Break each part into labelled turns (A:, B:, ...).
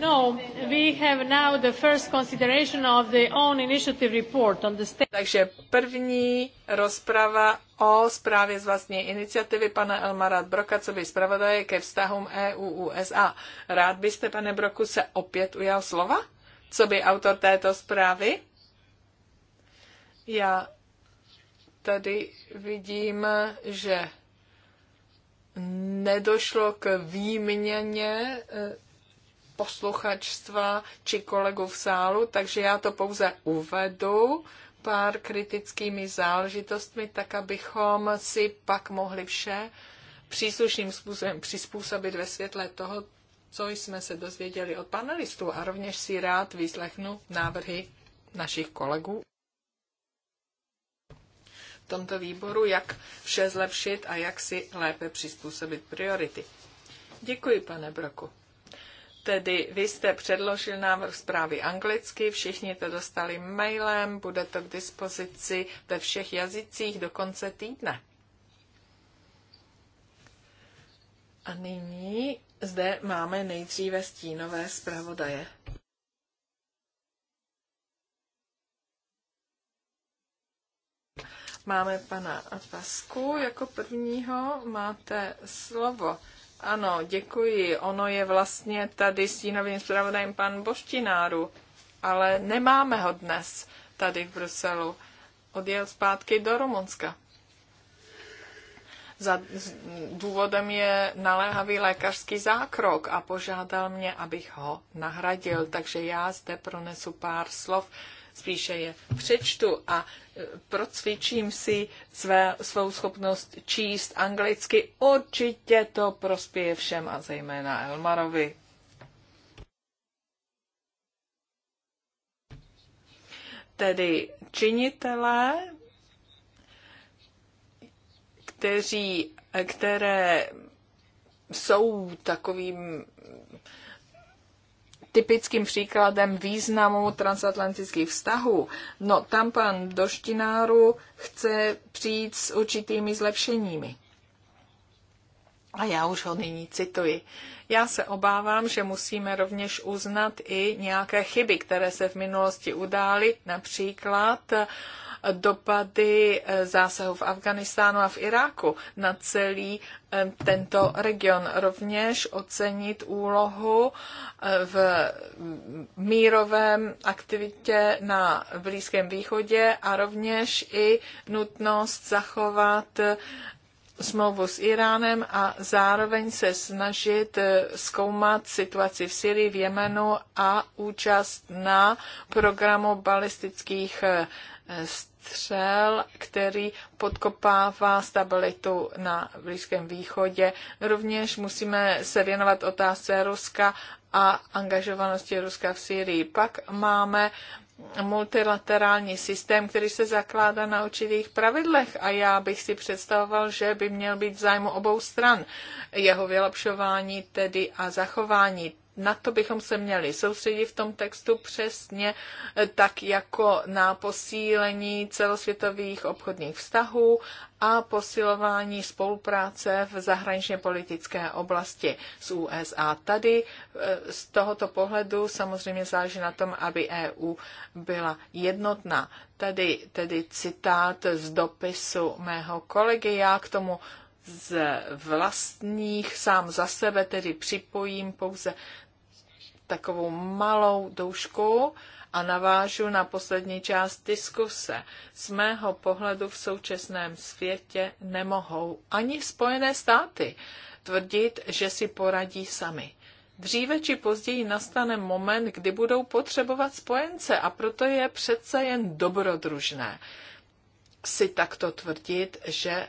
A: No, we have now the first consideration of the own initiative report on the state. Takže první rozprava o zprávě z vlastní iniciativy pana Elmara Broka, co by zpravodaje ke vztahům EU-USA. Rád byste, pane Broku, se opět ujal slova? Co by autor této zprávy? Já tady vidím, že nedošlo k výměně eh, posluchačstva či kolegů v sálu, takže já to pouze uvedu pár kritickými záležitostmi, tak abychom si pak mohli vše příslušným způsobem přizpůsobit ve světle toho, co jsme se dozvěděli od panelistů a rovněž si rád vyslechnu návrhy našich kolegů v tomto výboru, jak vše zlepšit a jak si lépe přizpůsobit priority. Děkuji, pane Broku. Tedy vy jste předložil návrh zprávy anglicky, všichni to dostali mailem, bude to k dispozici ve všech jazycích do konce týdne. A nyní zde máme nejdříve stínové zpravodaje. Máme pana Pasku jako prvního, máte slovo. Ano, děkuji. Ono je vlastně tady tínovým zpravodajem pan Boštináru, ale nemáme ho dnes tady v Bruselu. Odjel zpátky do Rumunska. Za, důvodem je naléhavý lékařský zákrok a požádal mě, abych ho nahradil, takže já zde pronesu pár slov spíše je přečtu a e, procvičím si své, svou schopnost číst anglicky. Určitě to prospěje všem a zejména Elmarovi. Tedy činitelé, kteří, které jsou takovým typickým příkladem významu transatlantických vztahů. No tam pan Doštináru chce přijít s určitými zlepšeními. A já už ho nyní cituji. Já se obávám, že musíme rovněž uznat i nějaké chyby, které se v minulosti udály, například uh, dopady eh, zásahu v Afganistánu a v Iráku na celý eh, tento region. Rovněž ocenit úlohu eh, v mírovém aktivitě na Blízkém východě a rovněž i nutnost zachovat smlouvu s Iránem a zároveň se snažit zkoumat situaci v Syrii, v Jemenu a účast na programu balistických střel, který podkopává stabilitu na Blízkém východě. Rovněž musíme se věnovat otázce Ruska a angažovanosti Ruska v Syrii. Pak máme multilaterální systém, který se zakládá na určitých pravidlech a já bych si představoval, že by měl být v zájmu obou stran jeho vylepšování tedy a zachování na to bychom se měli soustředit v tom textu přesně eh, tak jako na posílení celosvětových obchodních vztahů a posilování spolupráce v zahraničně politické oblasti s USA. Tady eh, z tohoto pohledu samozřejmě záleží na tom, aby EU byla jednotná. Tady tedy citát z dopisu mého kolegy, já k tomu z vlastních sám za sebe tedy připojím pouze takovou malou doušku a navážu na poslední část diskuse. Z mého pohledu v současném světě nemohou ani Spojené státy tvrdit, že si poradí sami. Dříve či později nastane moment, kdy budou potřebovat spojence a proto je přece jen dobrodružné si takto tvrdit, že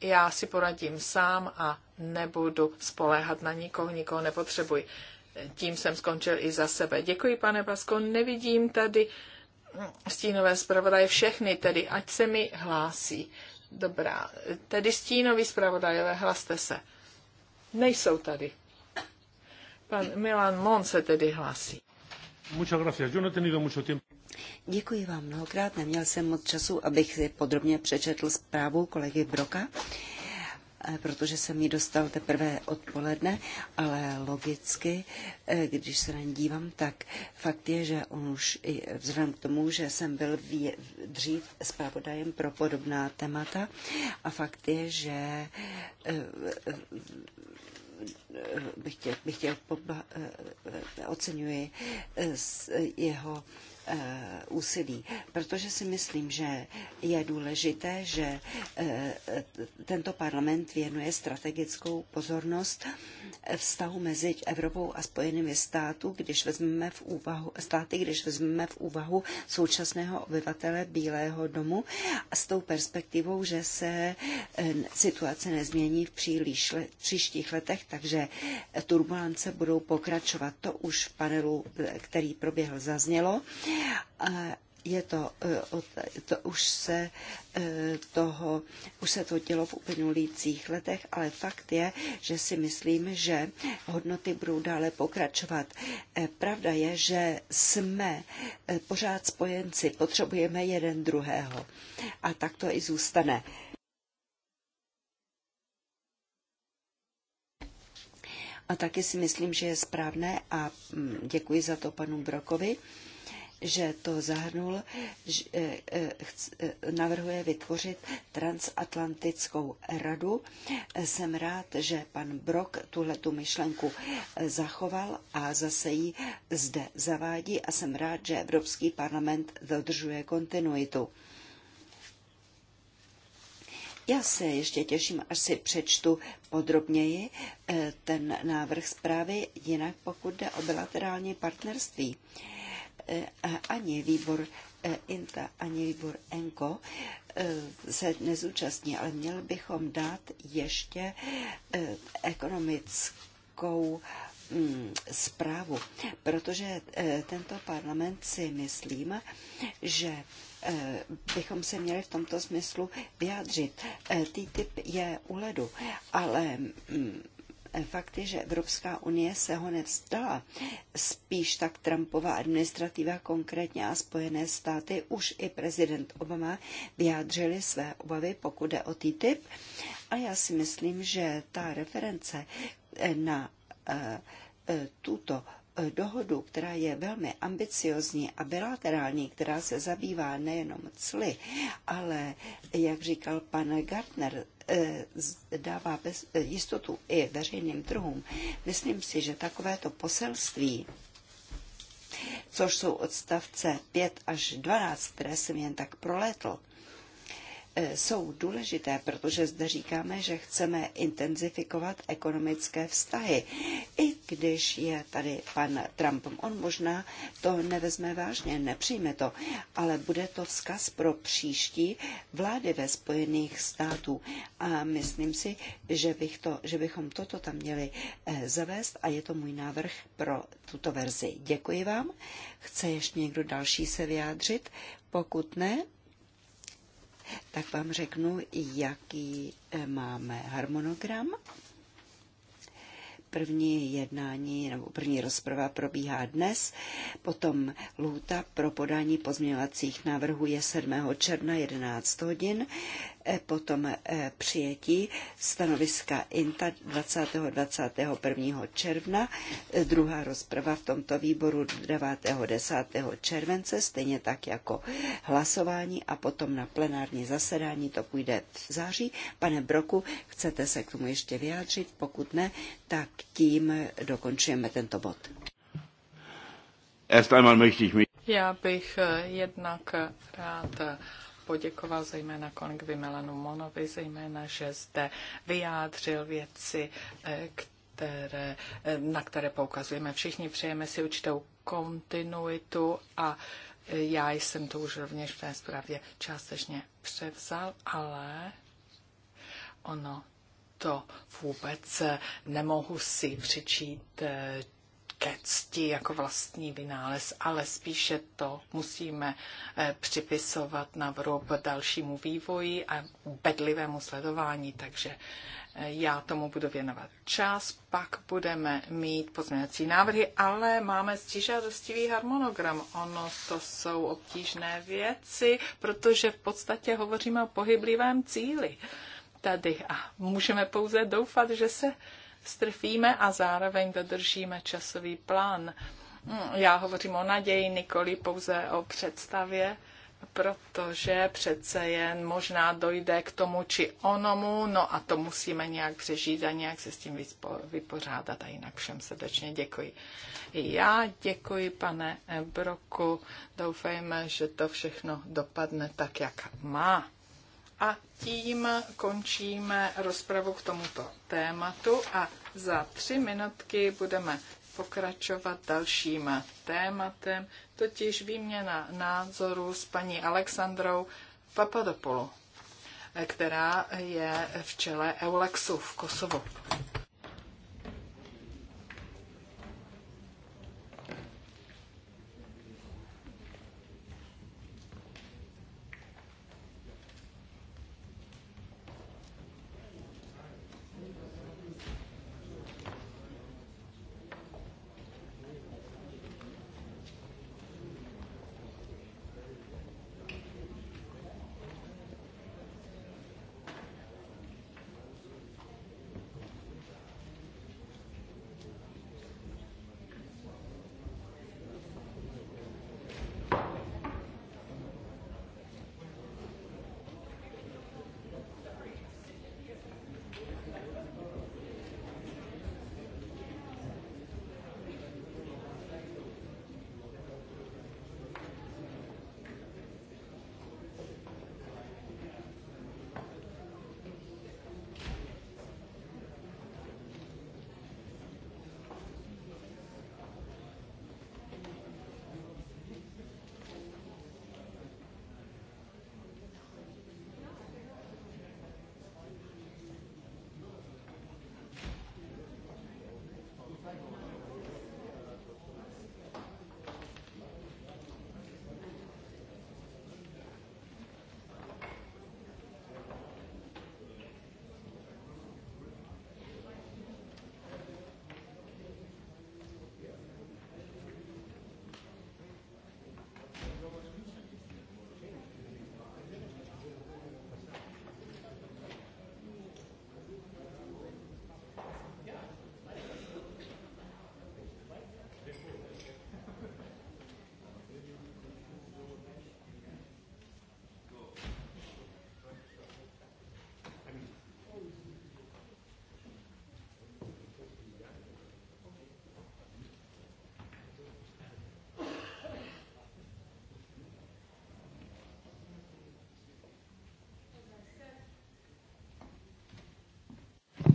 A: já si poradím sám a nebudu spoléhat na nikoho, nikoho nepotřebuji. Tím jsem skončil i za sebe. Děkuji, pane Pasko. Nevidím tady mm, stínové zpravodaje všechny, tedy ať se mi hlásí. Dobrá, tedy stínoví zpravodajové, hlaste se. Nejsou tady. Pan Milan Mon se tedy
B: hlásí.
C: Muchas gracias.
B: Yo no he tenido mucho tiempo.
C: Děkuji vám mnohokrát. Neměl jsem moc času, abych si podrobně přečetl zprávu kolegy Broka, eh, protože jsem ji dostal teprve odpoledne, ale logicky, eh, když se na ní dívám, tak fakt je, že on už i vzhledem k tomu, že jsem byl dřív zpravodajem pro podobná témata a fakt je, že eh, bych chtěl, bych chtěl pobla, oceňuji jeho Eh, úsilí, protože si myslím, že je důležité, že eh, tento parlament věnuje strategickou pozornost vztahu mezi Evropou a Spojenými státy, když vezmeme v úvahu, státy, když vezmeme v úvahu současného obyvatele Bílého domu a s tou perspektivou, že se eh, situace nezmění v příliš, příštích letech, takže turbulence budou pokračovat. To už v panelu, který proběhl, zaznělo. A je to, e, to už se e, toho, už se to dělo v uplynulých letech, ale fakt je, že si myslím, že hodnoty budou dále pokračovat. E, pravda je, že jsme pořád spojenci, potřebujeme jeden druhého a tak to i zůstane. A taky si myslím, že je správné a mm, děkuji za to panu Brokovi, že to zahrnul, že eh, eh, eh, navrhuje vytvořit transatlantickou radu. Jsem rád, že pan Brok tuhle tu myšlenku zachoval a zase ji zde zavádí a jsem rád, že Evropský parlament dodržuje kontinuitu. Já se ještě těším, až si přečtu podrobněji ten návrh zprávy, jinak pokud jde o bilaterální partnerství. Eh, Eh, ani výbor eh, INTA, ani výbor ENKO eh, se nezúčastní, ale měli bychom dát ještě ekonomickou mm, zprávu, protože tento parlament si myslím, že bychom se měli v tomto smyslu vyjádřit. TTIP je u ledu, ale mm, Fakt je, že Evropská unie se ho nevzdala. Spíš tak Trumpova administrativa, konkrétně a Spojené státy, už i prezident Obama vyjádřili své obavy, pokud jde o TTIP. A já si myslím, že ta reference eh, na eh, eh, tuto dohodu, která je velmi ambiciozní a bilaterální, která se zabývá nejenom cly, ale, jak říkal pan Gartner, Eh, dává bez, eh, jistotu i veřejným trhům, myslím si, že takovéto poselství, což jsou odstavce 5 až 12, které jsem jen tak prolétl, E, jsou důležité, protože zde říkáme, že chceme intenzifikovat ekonomické vztahy. I když je tady pan Trump, on možná to nevezme vážně, nepřijme to, ale bude to vzkaz pro příští vlády ve Spojených států. A myslím si, že, bych to, že bychom toto tam měli e, zavést a je to můj návrh pro tuto verzi. Děkuji vám. Chce ještě někdo další se vyjádřit? Pokud ne, tak vám řeknu, jaký eh, máme harmonogram. První jednání nebo první rozprava probíhá dnes, potom lhůta pro podání pozměňovacích návrhů je 7. června 11 hodin, E, potom e, přijetí stanoviska INTA 20. 21. června, e, druhá rozprava v tomto výboru 9. 10. července, stejně tak jako hlasování a potom na plenární zasedání to půjde v září. Pane Broku, chcete se k tomu ještě vyjádřit? Pokud ne, tak tím dokončujeme tento bod.
A: já bych eh, jednak rád eh, poděkoval zejména kolegovi Milanu Monovi, zejména, že zde vyjádřil věci, eh, které, eh, na které poukazujeme. Všichni přejeme si určitou kontinuitu a eh, já jsem to už rovněž v té zprávě částečně převzal, ale ono to vůbec nemohu si přičít ke cti jako vlastní vynález, ale spíše to musíme eh, připisovat na vrub dalšímu vývoji a bedlivému sledování, takže eh, já tomu budu věnovat čas, pak budeme mít pozměňovací návrhy, ale máme stížadostivý harmonogram. Ono to jsou obtížné věci, protože v podstatě hovoříme o pohyblivém cíli tady a můžeme pouze doufat, že se strfíme a zároveň dodržíme časový plán. Já hovořím o naději, nikoli pouze o představě, protože přece jen možná dojde k tomu či onomu, no a to musíme nějak přežít a nějak se s tím vypořádat a jinak všem srdečně děkuji. Já děkuji, pane Broku, doufejme, že to všechno dopadne tak, jak má. A tím končíme rozpravu k tomuto tématu a za tři minutky budeme pokračovat dalším tématem, totiž výměna názoru s paní Alexandrou Papadopoulou, která je v čele Eulexu v Kosovu.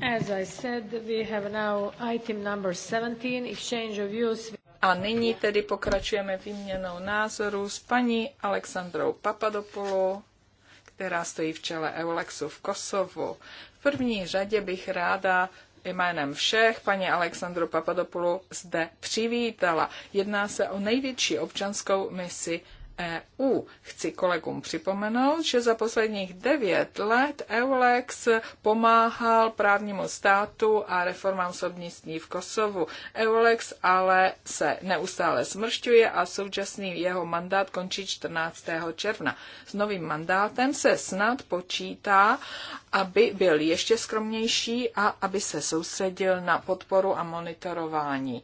A: As I said, we have now item number 17, exchange of views. A nyní tedy pokračujeme výměnou názoru s paní Alexandrou Papadopoulou, která stojí v čele Eulexu v Kosovu. V první řadě bych ráda jménem všech paní Alexandru Papadopoulou zde přivítala. Jedná se o největší občanskou misi EU. Chci kolegům připomenout, že za posledních devět let EULEX pomáhal právnímu státu a reformám soudnictví v Kosovu. EULEX ale se neustále smršťuje a současný jeho mandát končí 14. června. S novým mandátem se snad počítá, aby byl ještě skromnější a aby se soustředil na podporu a monitorování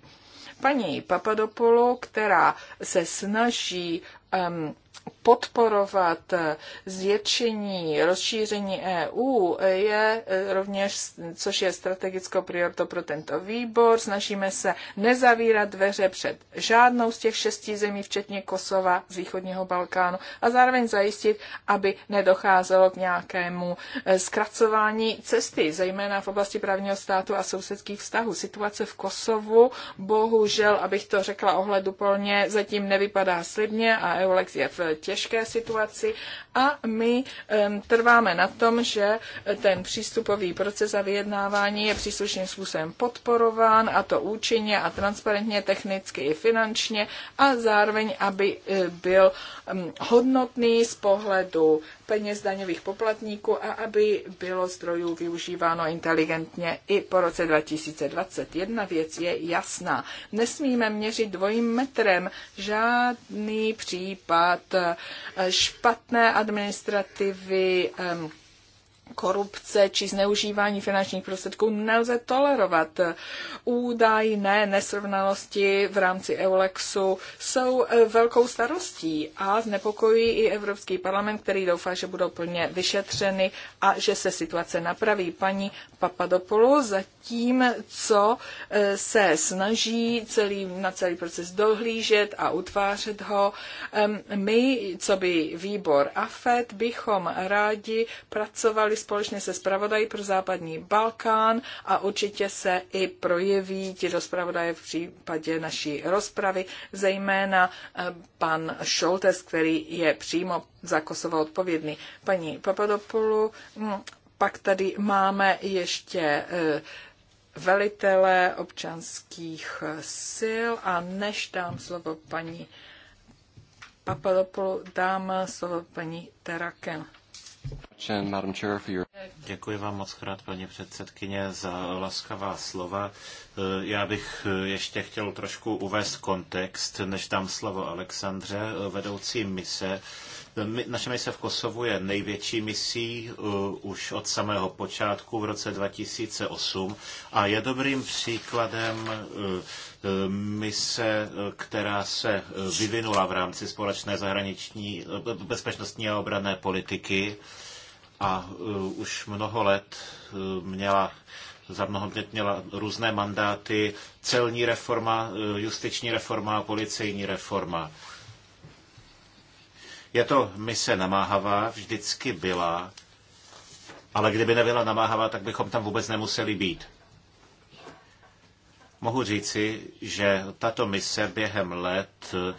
A: paní Papadopoulou, která se snaží um, podporovat zvětšení, rozšíření EU je e, rovněž, což je strategickou prioritou pro tento výbor. Snažíme se nezavírat dveře před žádnou z těch šesti zemí, včetně Kosova z východního Balkánu a zároveň zajistit, aby nedocházelo k nějakému e, zkracování cesty, zejména v oblasti právního státu a sousedských vztahů. Situace v Kosovu, bohužel, abych to řekla ohleduplně, zatím nevypadá slibně a Eulex je v těžké situaci a my trváme na tom, že ten přístupový proces a vyjednávání je příslušným způsobem podporován a to účinně a transparentně, technicky i finančně a zároveň, aby eh, byl hodnotný z pohledu peněz daňových poplatníků a aby bylo zdrojů využíváno inteligentně i po roce 2021. Věc je jasná. Nesmíme měřit dvojím metrem žádný případ špatné administrativy, korupce či zneužívání finančních prostředků nelze tolerovat. Údajné nesrovnalosti v rámci Eulexu jsou eh, velkou starostí a znepokojí i Evropský parlament, který doufá, že budou plně vyšetřeny a že se situace napraví. Paní Papadopoulou zatím, co eh, se snaží celý, na celý proces dohlížet a utvářet ho, my, co by výbor AFET, bychom rádi pracovali společně se zpravodají pro západní Balkán a určitě se i projeví ti zpravodaje v případě naší rozpravy, zejména eh, pan Šoltes, který je přímo za Kosovo odpovědný. Paní Papadopoulu, hm, pak tady máme ještě eh, velitele občanských eh, sil a než dám slovo paní Papadopoulou, dám slovo paní Terakem.
B: Děkuji vám moc krát, paní předsedkyně, za laskavá slova. Já bych ještě chtěl trošku uvést kontext, než dám slovo Alexandře, vedoucí mise. Naše mise v Kosovu je největší misí uh, už od samého počátku v roce 2008 a je dobrým příkladem uh, mise, která se eh, vyvinula v rámci společné zahraniční eh, bezpečnostní a obranné politiky a eh, už mnoho let měla za mnoho let měla různé mandáty, celní reforma, justiční reforma a policejní reforma. Je to mise namáhavá, vždycky byla, ale kdyby nebyla namáhavá, tak bychom tam vůbec nemuseli být mohu říci, že tato mise během let eh,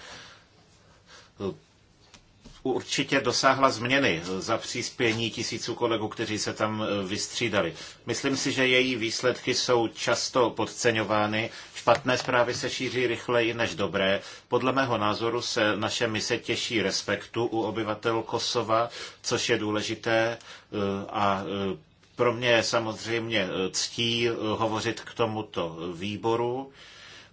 B: určitě dosáhla změny za příspění tisíců kolegů, kteří se tam eh, vystřídali. Myslím si, že její výsledky jsou často podceňovány. Špatné zprávy se šíří rychleji než dobré. Podle mého názoru se naše mise těší respektu u obyvatel Kosova, což je důležité eh, a pro mě je samozřejmě eh, ctí eh, hovořit k tomuto výboru.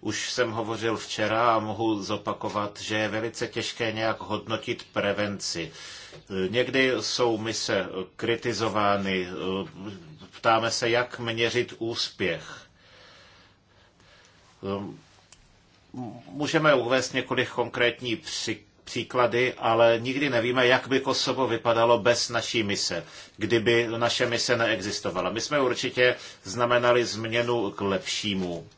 B: Už jsem hovořil včera a mohu zopakovat, že je velice těžké nějak hodnotit prevenci. Eh, někdy jsou mise kritizovány, ptáme se, jak měřit úspěch. Můžeme uvést několik konkrétní příkladů příklady, ale nikdy nevíme, jak by Kosovo vypadalo bez naší mise, kdyby naše mise neexistovala. My jsme určitě znamenali změnu k lepšímu.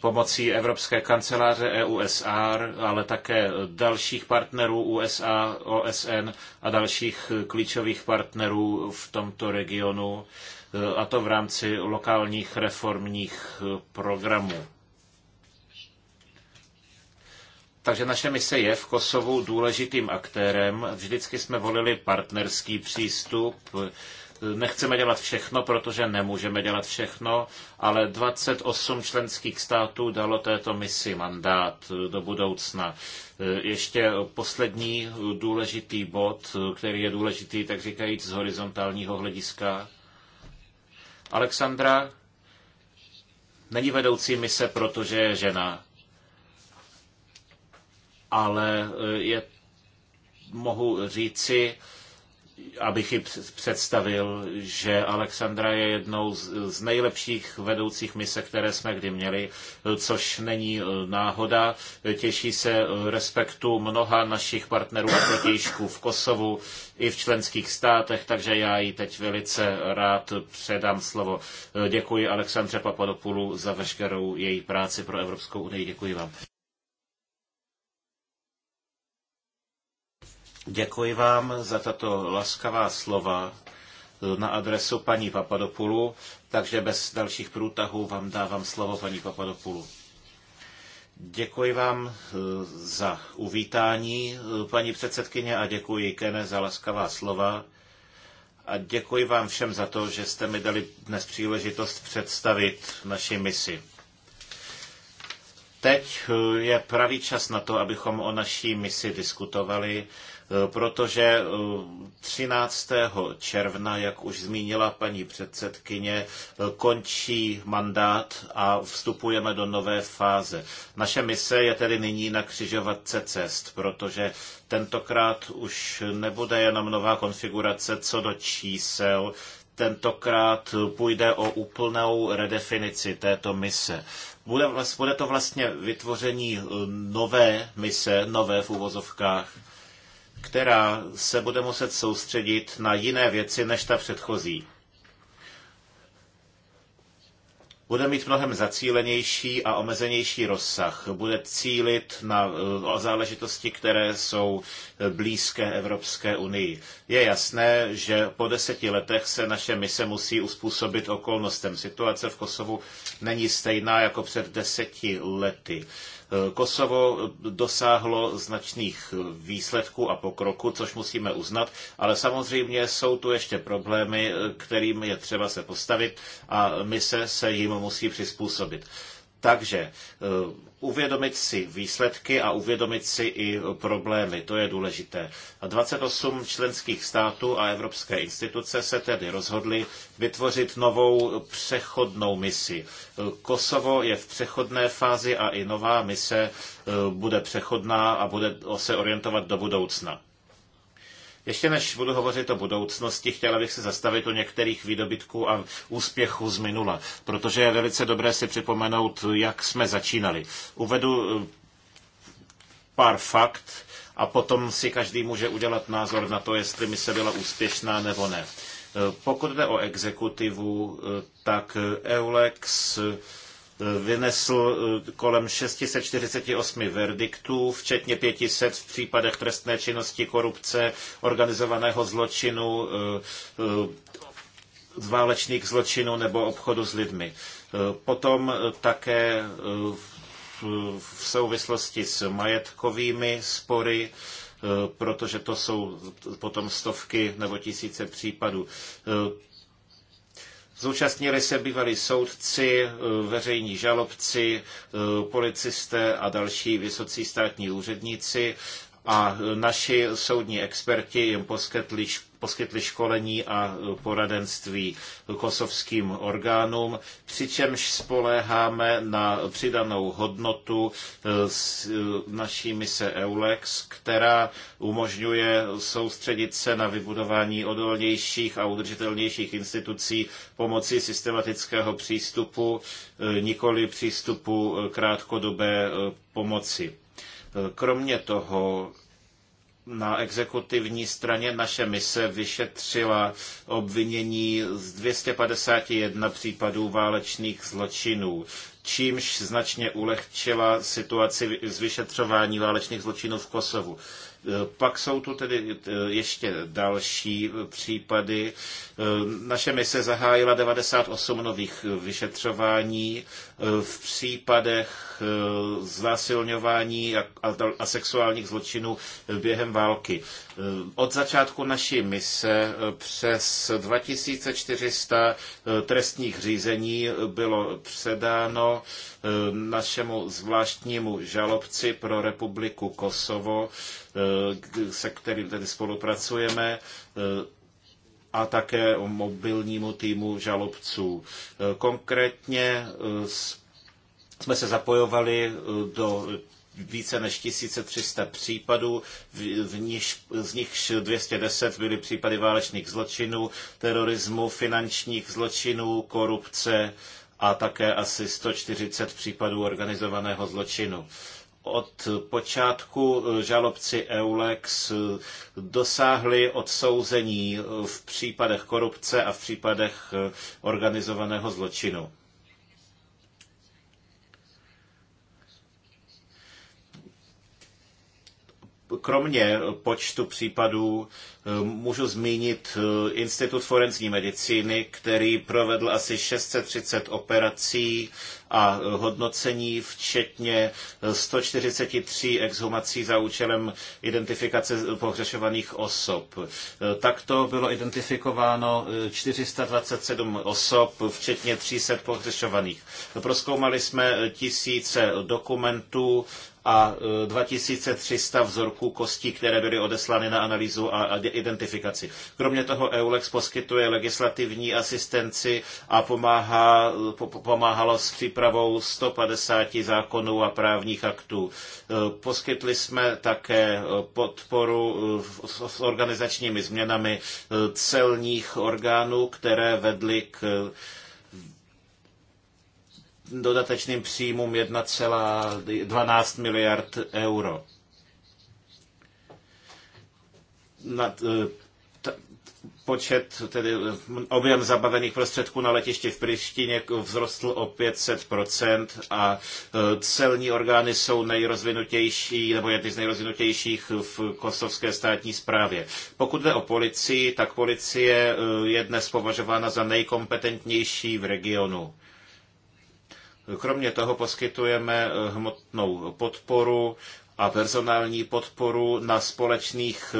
B: pomocí Evropské kanceláře EUSR, ale také dalších partnerů USA, OSN a dalších klíčových partnerů v tomto regionu, e, a to v rámci lokálních reformních e, programů. Takže naše mise je v Kosovu důležitým aktérem. Vždycky jsme volili partnerský přístup. Nechceme dělat všechno, protože nemůžeme dělat všechno, ale 28 členských států dalo této misi mandát do budoucna. Ještě poslední důležitý bod, který je důležitý, tak říkajíc, z horizontálního hlediska. Alexandra není vedoucí mise, protože je žena ale e, je, mohu říci, abych ji představil, že Alexandra je jednou z nejlepších vedoucích mise, které jsme kdy měli, e, což není e, náhoda. Těší se respektu mnoha našich partnerů a protějšků v Kosovu i v členských státech, takže já jí teď velice rád předám slovo. Děkuji Alexandře Papadopoulu za veškerou její práci pro Evropskou unii. Děkuji vám. Děkuji vám za tato laskavá slova na adresu paní papadopulu, takže bez dalších průtahů vám dávám slovo paní papadopulu. Děkuji vám eh, za uvítání, eh, paní předsedkyně, a děkuji Kene za laskavá slova. A děkuji vám všem za to, že jste mi dali dnes příležitost představit naši misi. Teď eh, je pravý čas na to, abychom o naší misi diskutovali Eh, protože 13. Eh, června, jak už zmínila paní předsedkyně, eh, končí mandát a vstupujeme do nové fáze. Naše mise je tedy nyní na křižovatce cest, protože tentokrát už nebude jenom nová konfigurace co do čísel, tentokrát půjde o úplnou redefinici této mise. Bude, bude to vlastně vytvoření nové mise, nové v uvozovkách, která se bude muset soustředit na jiné věci než ta předchozí. Bude mít mnohem zacílenější a omezenější rozsah. Bude cílit na eh, záležitosti, které jsou eh, blízké Evropské unii. Je jasné, že po deseti letech se naše mise musí uspůsobit okolnostem. Situace v Kosovu není stejná jako před deseti lety. Kosovo dosáhlo značných výsledků a pokroku, což musíme uznat, ale samozřejmě jsou tu ještě problémy, kterým je třeba se postavit a mise se jim musí přizpůsobit. Takže uvědomit si výsledky a uvědomit si i problémy. To je důležité. A 28 členských států a evropské instituce se tedy rozhodly vytvořit novou přechodnou misi. Kosovo je v přechodné fázi a i nová mise eh, bude přechodná a bude se orientovat do budoucna. Ještě než budu hovořit o budoucnosti, chtěla bych se zastavit o některých výdobytků a úspěchů z minula, protože je velice dobré si připomenout, jak jsme začínali. Uvedu eh, pár fakt a potom si každý může udělat názor na to, jestli mi se byla úspěšná nebo ne. Eh, pokud jde o exekutivu, eh, tak Eulex vynesl eh, kolem 648 verdiktů, včetně 500 v případech trestné činnosti, korupce, organizovaného zločinu, eh, eh, válečných zločinů nebo obchodu s lidmi. Potom také v souvislosti s majetkovými spory, protože to jsou potom stovky nebo tisíce případů. Zúčastnili se bývalí soudci, eh, veřejní žalobci, eh, policisté a další vysocí státní úředníci a eh, naši soudní experti jim poskytli poskytli školení a poradenství kosovským orgánům, přičemž spoléháme na přidanou hodnotu eh, s eh, naší mise EULEX, která umožňuje soustředit se na vybudování odolnějších a udržitelnějších institucí pomocí systematického přístupu, eh, nikoli přístupu krátkodobé pomoci. Kromě toho na exekutivní straně naše mise vyšetřila obvinění z 251 případů válečných zločinů, čímž značně ulehčila situaci z vyšetřování válečných zločinů v Kosovu. Pak jsou tu tedy eh, ještě další eh, případy. Eh, naše mise zahájila 98 nových vyšetřování v případech znásilňování a sexuálních zločinů během války. Eh, od začátku naší mise eh, přes 2400 eh, trestních řízení bylo předáno našemu zvláštnímu žalobci pro republiku Kosovo, se kterým tedy spolupracujeme a také o mobilnímu týmu žalobců. Konkrétně jsme se zapojovali do více než 1300 případů, v níž, z nichž 210 byly případy válečných zločinů, terorismu, finančních zločinů, korupce a také asi 140 případů organizovaného zločinu od počátku eh, žalobci Eulex eh, dosáhli odsouzení v případech korupce a v případech eh, organizovaného zločinu. Kromě počtu případů eh, můžu zmínit eh, Institut forenzní medicíny, který provedl asi 630 operací a eh, hodnocení, včetně 143 exhumací za účelem identifikace pohřešovaných osob. Takto bylo identifikováno 427 osob, včetně 300 pohřešovaných. Proskoumali jsme tisíce dokumentů a 2300 e, vzorků kostí, které byly odeslány na analýzu a identifikaci. Kromě toho EULEX poskytuje legislativní asistenci a pomáhá, e, pomáhalo s přípravou 150 zákonů a právních aktů. E, poskytli jsme také podporu s organizačními změnami celních orgánů, které vedly k dodatečným příjmům 1,12 miliard euro. E, t, počet, tedy objem zabavených prostředků na letiště v Prištině vzrostl o 500% a e, celní orgány jsou nejrozvinutější, nebo jedny z nejrozvinutějších v kosovské státní správě. Pokud jde o policii, tak policie e, je dnes považována za nejkompetentnější v regionu. Kromě toho poskytujeme eh, hmotnou podporu a personální podporu na společných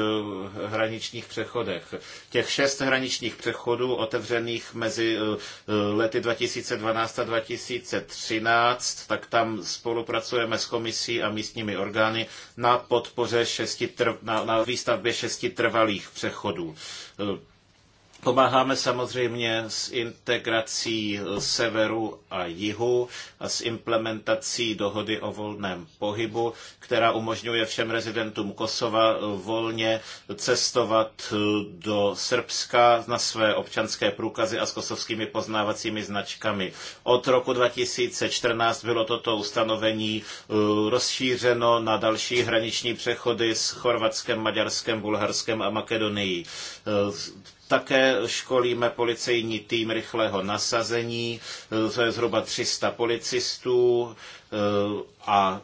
B: eh, hraničních přechodech. Těch šest hraničních přechodů otevřených mezi eh, lety 2012 a 2013, tak tam spolupracujeme s komisí a místními orgány na podpoře šesti, na, na výstavbě šesti trvalých přechodů. Pomáháme samozřejmě s integrací severu a jihu a s implementací dohody o volném pohybu, která umožňuje všem rezidentům Kosova volně cestovat do Srbska na své občanské průkazy a s kosovskými poznávacími značkami. Od roku 2014 bylo toto ustanovení eh, rozšířeno na další hraniční přechody s Chorvatskem, Maďarskem, Bulharskem a Makedonií. Eh, také školíme policejní tým rychlého nasazení, eh, to je zhruba 300 policistů eh, a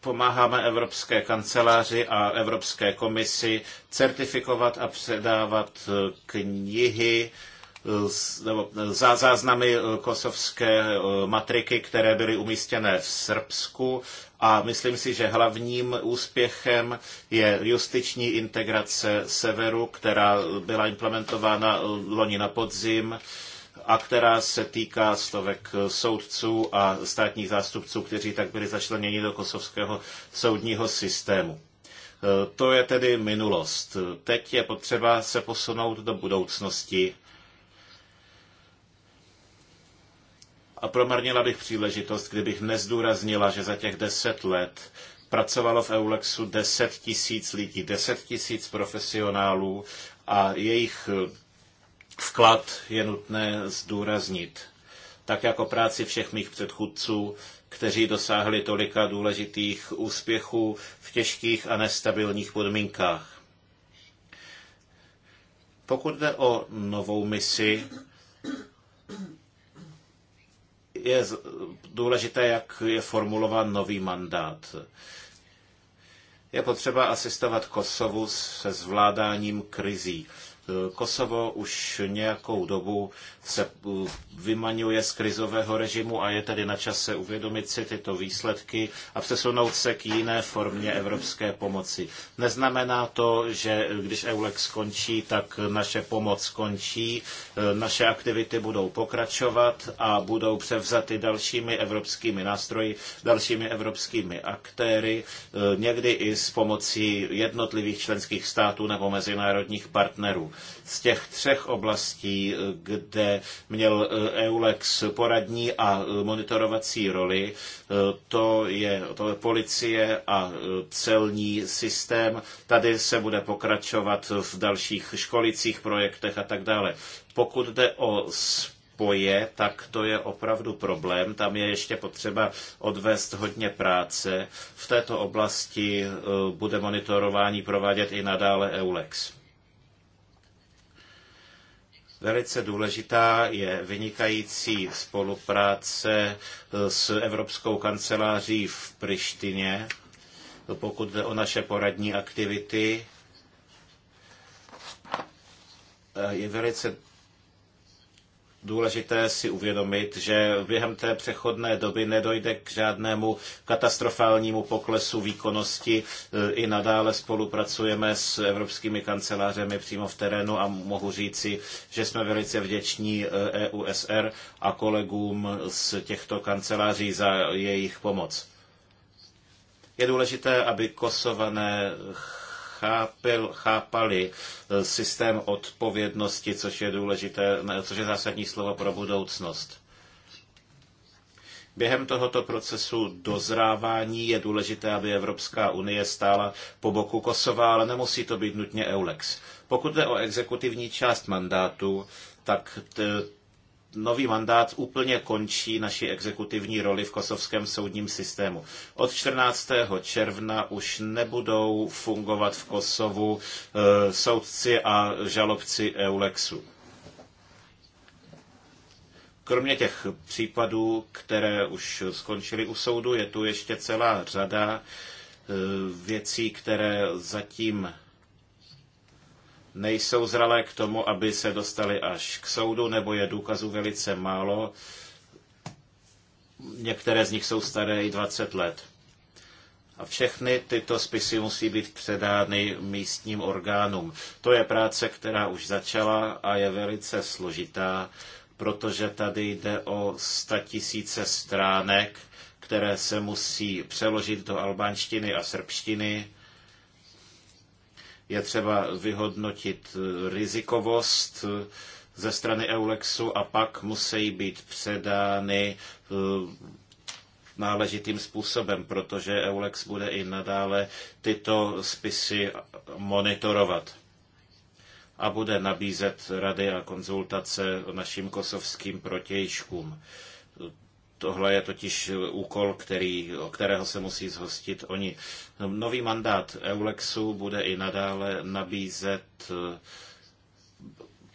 B: pomáháme Evropské kanceláři a Evropské komisi certifikovat a předávat knihy, Eh, nebo eh, záznamy eh, kosovské matriky, které byly umístěné v Srbsku a myslím si, že hlavním úspěchem je justiční integrace severu, která byla implementována loni na podzim a která se týká stovek soudců a státních zástupců, kteří tak byli začleněni do kosovského soudního systému. To je tedy minulost. Teď je potřeba se posunout do budoucnosti A promarnila bych příležitost, kdybych nezdůraznila, že za těch deset let pracovalo v Eulexu deset tisíc lidí, deset tisíc profesionálů a jejich eh, vklad je nutné zdůraznit. Tak jako práci všech mých předchůdců, kteří dosáhli tolika důležitých úspěchů v těžkých a nestabilních podmínkách. Pokud jde o novou misi, je důležité, jak je formulován nový mandát. Je potřeba asistovat Kosovu se zvládáním krizí. Kosovo už nějakou dobu se uh, vymaňuje z krizového režimu a je tedy na čase uvědomit si tyto výsledky a přesunout se k jiné formě evropské pomoci. Neznamená to, že když EULEX skončí, tak naše pomoc skončí, eh, naše aktivity budou pokračovat a budou převzaty dalšími evropskými nástroji, dalšími evropskými aktéry, eh, někdy i s pomocí jednotlivých členských států nebo mezinárodních partnerů. Z těch třech oblastí, kde měl eh, EULEX poradní a eh, monitorovací roli, eh, to je, to je policie a celní systém. Tady se bude pokračovat v dalších školicích projektech a tak dále. Pokud jde o spoje, tak to je opravdu problém. Tam je ještě potřeba odvést hodně práce. V této oblasti bude monitorování provádět i nadále EULEX. Velice důležitá je vynikající spolupráce eh, s Evropskou kanceláří v Prištině, pokud jde o naše poradní aktivity. Eh, je velice důležité si uvědomit, že během té přechodné doby nedojde k žádnému katastrofálnímu poklesu výkonnosti. E, I nadále spolupracujeme s evropskými kancelářemi přímo v terénu a mohu říci, že jsme velice vděční EUSR e a kolegům z těchto kanceláří za jejich pomoc. Je důležité, aby kosované chápil, chápali eh, systém odpovědnosti, což je důležité, což je zásadní slovo pro budoucnost. Během tohoto procesu dozrávání je důležité, aby Evropská unie stála po boku Kosova, ale nemusí to být nutně EULEX. Pokud jde o exekutivní část mandátu, tak nový mandát úplně končí naši exekutivní roli v kosovském soudním systému. Od 14. června už nebudou fungovat v Kosovu eh, soudci a žalobci Eulexu. Kromě těch případů, které už skončily u soudu, je tu ještě celá řada eh, věcí, které zatím nejsou zralé k tomu, aby se dostali až k soudu, nebo je důkazů velice málo. Některé z nich jsou staré i 20 let. A všechny tyto spisy musí být předány místním orgánům. To je práce, která už začala a je velice složitá, protože tady jde o tisíce stránek, které se musí přeložit do albánštiny a srbštiny je třeba vyhodnotit eh, rizikovost eh, ze strany Eulexu a pak musí být předány eh, náležitým způsobem, protože Eulex bude i nadále tyto spisy monitorovat a bude nabízet rady a konzultace našim kosovským protějškům. Tohle je totiž úkol, který, o kterého se musí zhostit oni. Nový mandát Eulexu bude i nadále nabízet eh,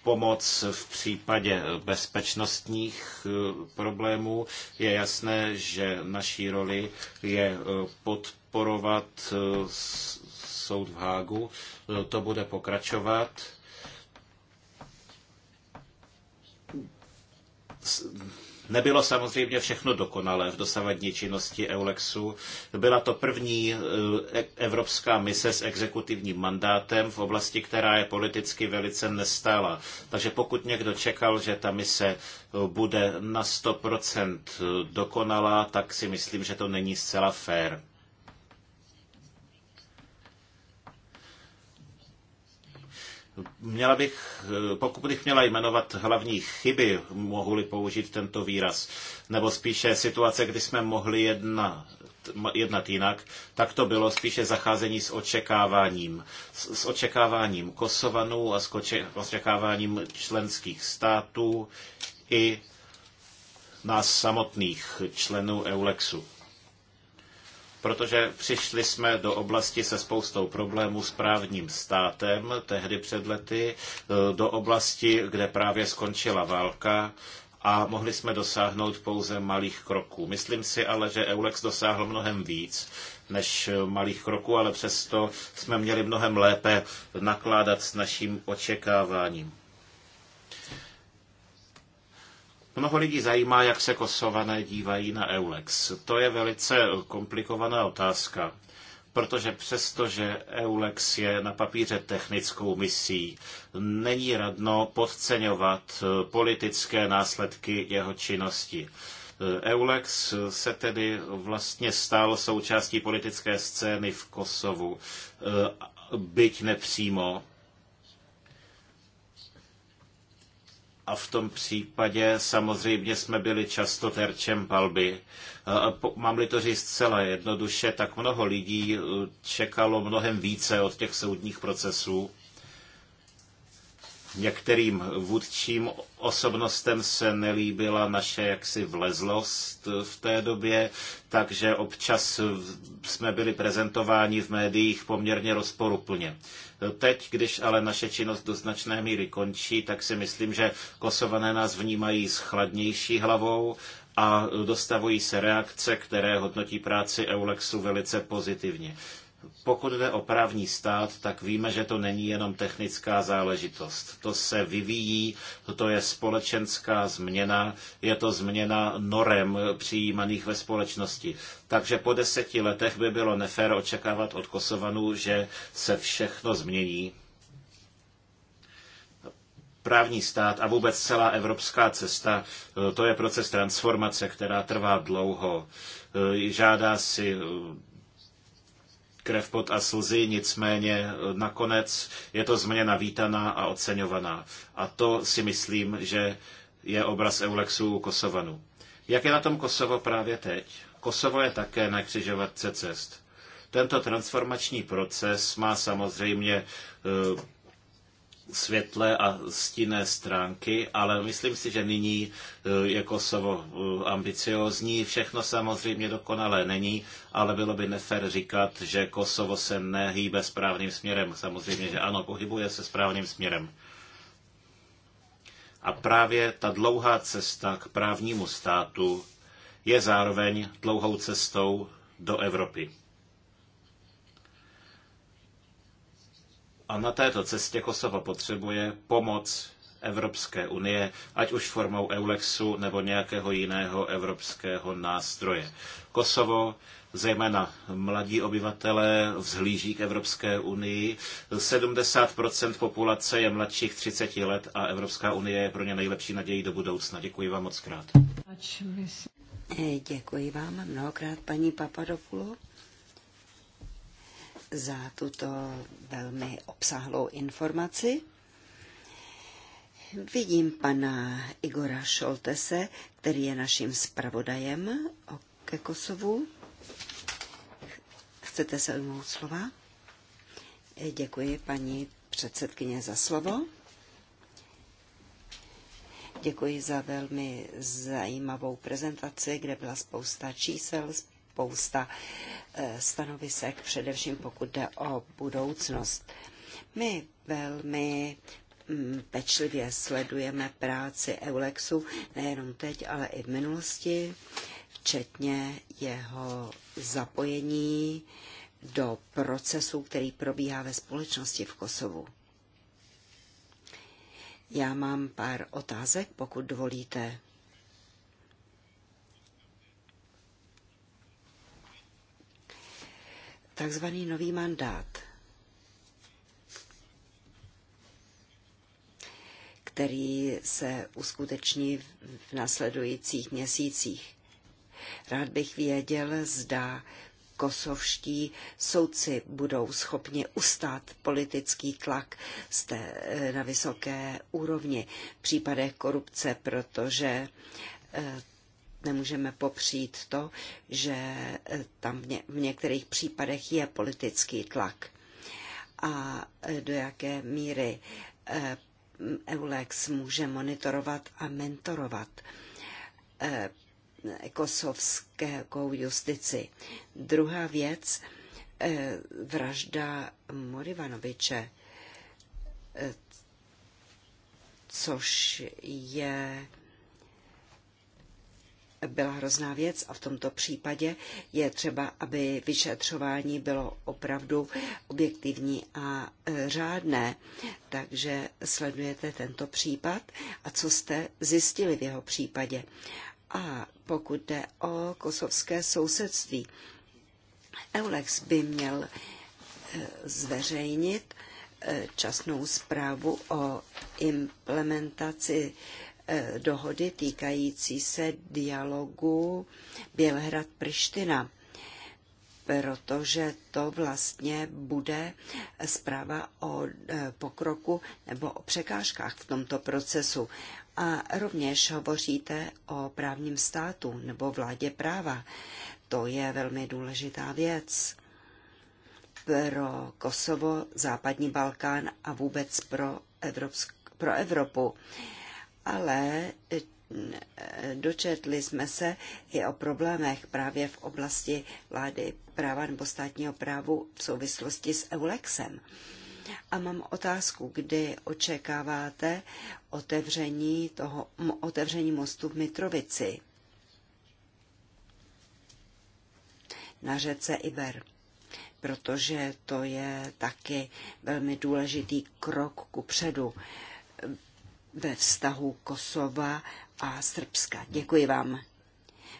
B: pomoc v případě bezpečnostních eh, problémů. Je jasné, že naší roli je eh, podporovat soud v Hágu. To bude pokračovat. S Nebylo samozřejmě všechno dokonalé v dosavadní činnosti Eulexu. Byla to první eh, e, evropská mise s exekutivním mandátem v oblasti, která je politicky velice nestála. Takže pokud někdo čekal, že ta mise eh, bude na 100% eh, dokonalá, tak si myslím, že to není zcela fair. Měla bych, pokud bych měla jmenovat hlavní chyby, mohu-li použít tento výraz, nebo spíše situace, kdy jsme mohli jedna jednat jinak, tak to bylo spíše zacházení s očekáváním. S, s očekáváním Kosovanů a s očekáváním členských států i nás samotných členů EULEXu protože přišli jsme do oblasti se spoustou problémů s právním státem tehdy před lety, e, do oblasti, kde právě skončila válka a mohli jsme dosáhnout pouze malých kroků. Myslím si ale, že Eulex dosáhl mnohem víc než malých kroků, ale přesto jsme měli mnohem lépe nakládat s naším očekáváním. Mnoho lidí zajímá, jak se kosované dívají na Eulex. To je velice komplikovaná otázka, protože přestože Eulex je na papíře technickou misí, není radno podceňovat politické následky jeho činnosti. Eulex se tedy vlastně stal součástí politické scény v Kosovu, byť nepřímo, a v tom případě samozřejmě jsme byli často terčem palby. Mám-li to říct celé jednoduše, tak mnoho lidí eh, čekalo mnohem více od těch soudních procesů Některým vůdčím osobnostem se nelíbila naše jaksi vlezlost v té době, takže občas jsme byli prezentováni v médiích poměrně rozporuplně. Teď, když ale naše činnost do značné míry končí, tak si myslím, že kosované nás vnímají s chladnější hlavou a dostavují se reakce, které hodnotí práci Eulexu velice pozitivně. Pokud jde o právní stát, tak víme, že to není jenom technická záležitost. To se vyvíjí, to je společenská změna, je to změna norem přijímaných ve společnosti. Takže po deseti letech by bylo nefér očekávat od Kosovanů, že se všechno změní. Právní stát a vůbec celá evropská cesta, to je proces transformace, která trvá dlouho. Žádá si krev pot a slzy, nicméně eh, nakonec je to změna vítaná a oceňovaná. A to si myslím, že je obraz Eulexu u Kosovanů. Jak je na tom Kosovo právě teď? Kosovo je také na křižovatce cest. Tento transformační proces má samozřejmě eh, světlé a stinné stránky, ale myslím si, že nyní e, je Kosovo e, ambiciozní. Všechno samozřejmě dokonalé není, ale bylo by nefér říkat, že Kosovo se nehýbe správným směrem. Samozřejmě, že ano, pohybuje se správným směrem. A právě ta dlouhá cesta k právnímu státu je zároveň dlouhou cestou do Evropy. A na této cestě Kosovo potřebuje pomoc Evropské unie, ať už formou Eulexu nebo nějakého jiného evropského nástroje. Kosovo, zejména mladí obyvatelé, vzhlíží k Evropské unii. 70% populace je mladších 30 let a Evropská unie je pro ně nejlepší nadějí do budoucna. Děkuji vám moc krát.
C: Děkuji vám mnohokrát, paní Papadopulo za tuto velmi obsáhlou informaci. Vidím pana Igora Šoltese, který je naším zpravodajem ke Kosovu. Chcete se ujmout slova? Děkuji paní předsedkyně za slovo. Děkuji za velmi zajímavou prezentaci, kde byla spousta čísel, spousta eh, stanovisek, především pokud jde o budoucnost. My velmi mm, pečlivě sledujeme práci Eulexu, nejenom teď, ale i v minulosti, včetně jeho zapojení do procesu, který probíhá ve společnosti v Kosovu. Já mám pár otázek, pokud dovolíte. takzvaný nový mandát, který se uskuteční v následujících měsících. Rád bych věděl, zda kosovští soudci budou schopni ustát politický tlak eh, na vysoké úrovni v případech korupce, protože eh, nemůžeme popřít to, že eh, tam v některých případech je politický tlak. A eh, do jaké míry eh, EULEX může monitorovat a mentorovat kosovskou justici. Druhá věc, vražda Morivanoviče, což je byla hrozná věc a v tomto případě je třeba, aby vyšetřování bylo opravdu objektivní a e, řádné. Takže sledujete tento případ a co jste zjistili v jeho případě. A pokud jde o kosovské sousedství, Eulex by měl e, zveřejnit e, časnou zprávu o implementaci Eh, dohody týkající se dialogu Bělhrad-Priština, protože to vlastně bude zpráva o eh, pokroku nebo o překážkách v tomto procesu. A rovněž hovoříte o právním státu nebo vládě práva. To je velmi důležitá věc pro Kosovo, západní Balkán a vůbec pro, Evropsk- pro Evropu ale e, dočetli jsme se i o problémech právě v oblasti vlády práva nebo státního právu v souvislosti s Eulexem. A mám otázku, kdy očekáváte otevření, toho, otevření mostu v Mitrovici na řece Iber, protože to je taky velmi důležitý krok ku předu ve vztahu Kosova a Srbska. Děkuji vám.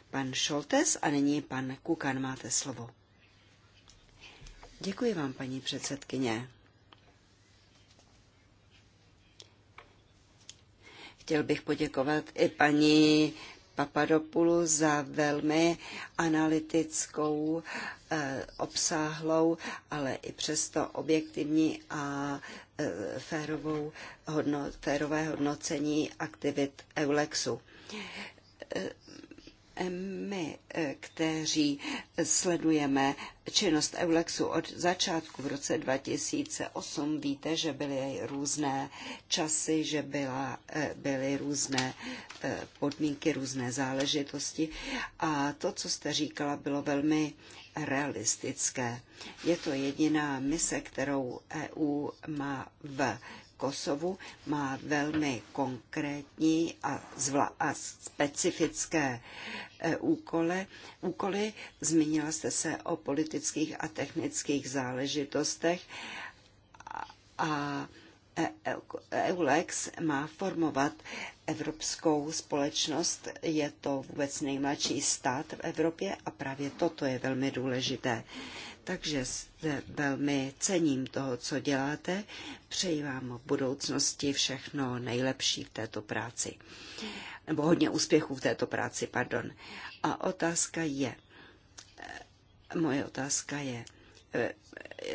C: Pan Šoltes a nyní pan Kukan, máte slovo. Děkuji vám, paní předsedkyně. Chtěl bych poděkovat i paní Papadopoulu za velmi analytickou, eh, obsáhlou, ale i přesto objektivní a eh, férovou hodno, férové hodnocení aktivit Eulexu eh, my, eh, kteří sledujeme činnost Eulexu od začátku v roce 2008, víte, že byly různé časy, že byla, eh, byly různé eh, podmínky, různé záležitosti a to, co jste říkala, bylo velmi realistické. Je to jediná mise, kterou EU má v Kosovu má velmi konkrétní a, zvla- a specifické e, úkole. úkoly. Zmínila jste se o politických a technických záležitostech a, a e, e, EULEX má formovat evropskou společnost. Je to vůbec nejmladší stát v Evropě a právě toto je velmi důležité. Takže zde velmi cením toho, co děláte. Přeji vám v budoucnosti všechno nejlepší v této práci. Nebo hodně úspěchů v této práci, pardon. A otázka je, eh, moje otázka je, eh,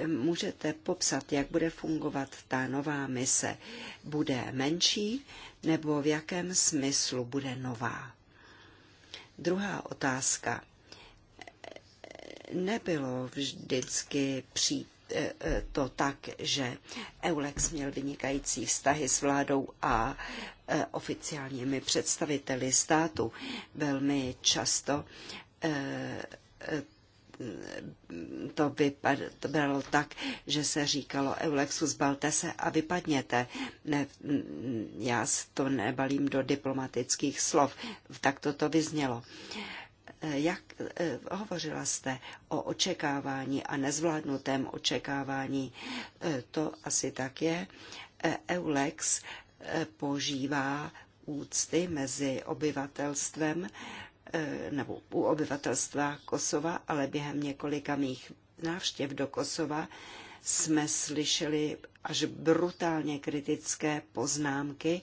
C: můžete popsat, jak bude fungovat ta nová mise? Bude menší nebo v jakém smyslu bude nová? Druhá otázka nebylo vždycky pří, eh, eh, to tak, že Eulex měl vynikající vztahy s vládou a eh, oficiálními představiteli státu. Velmi často to, vypad, to bylo tak, že se říkalo Eulexu zbalte se a vypadněte. Ne, já to nebalím do diplomatických slov. Tak to to vyznělo. Jak eh, hovořila jste o očekávání a nezvládnutém očekávání, eh, to asi tak je. Eh, Eulex požívá úcty mezi obyvatelstvem nebo u obyvatelstva Kosova, ale během několika mých návštěv do Kosova jsme slyšeli až brutálně kritické poznámky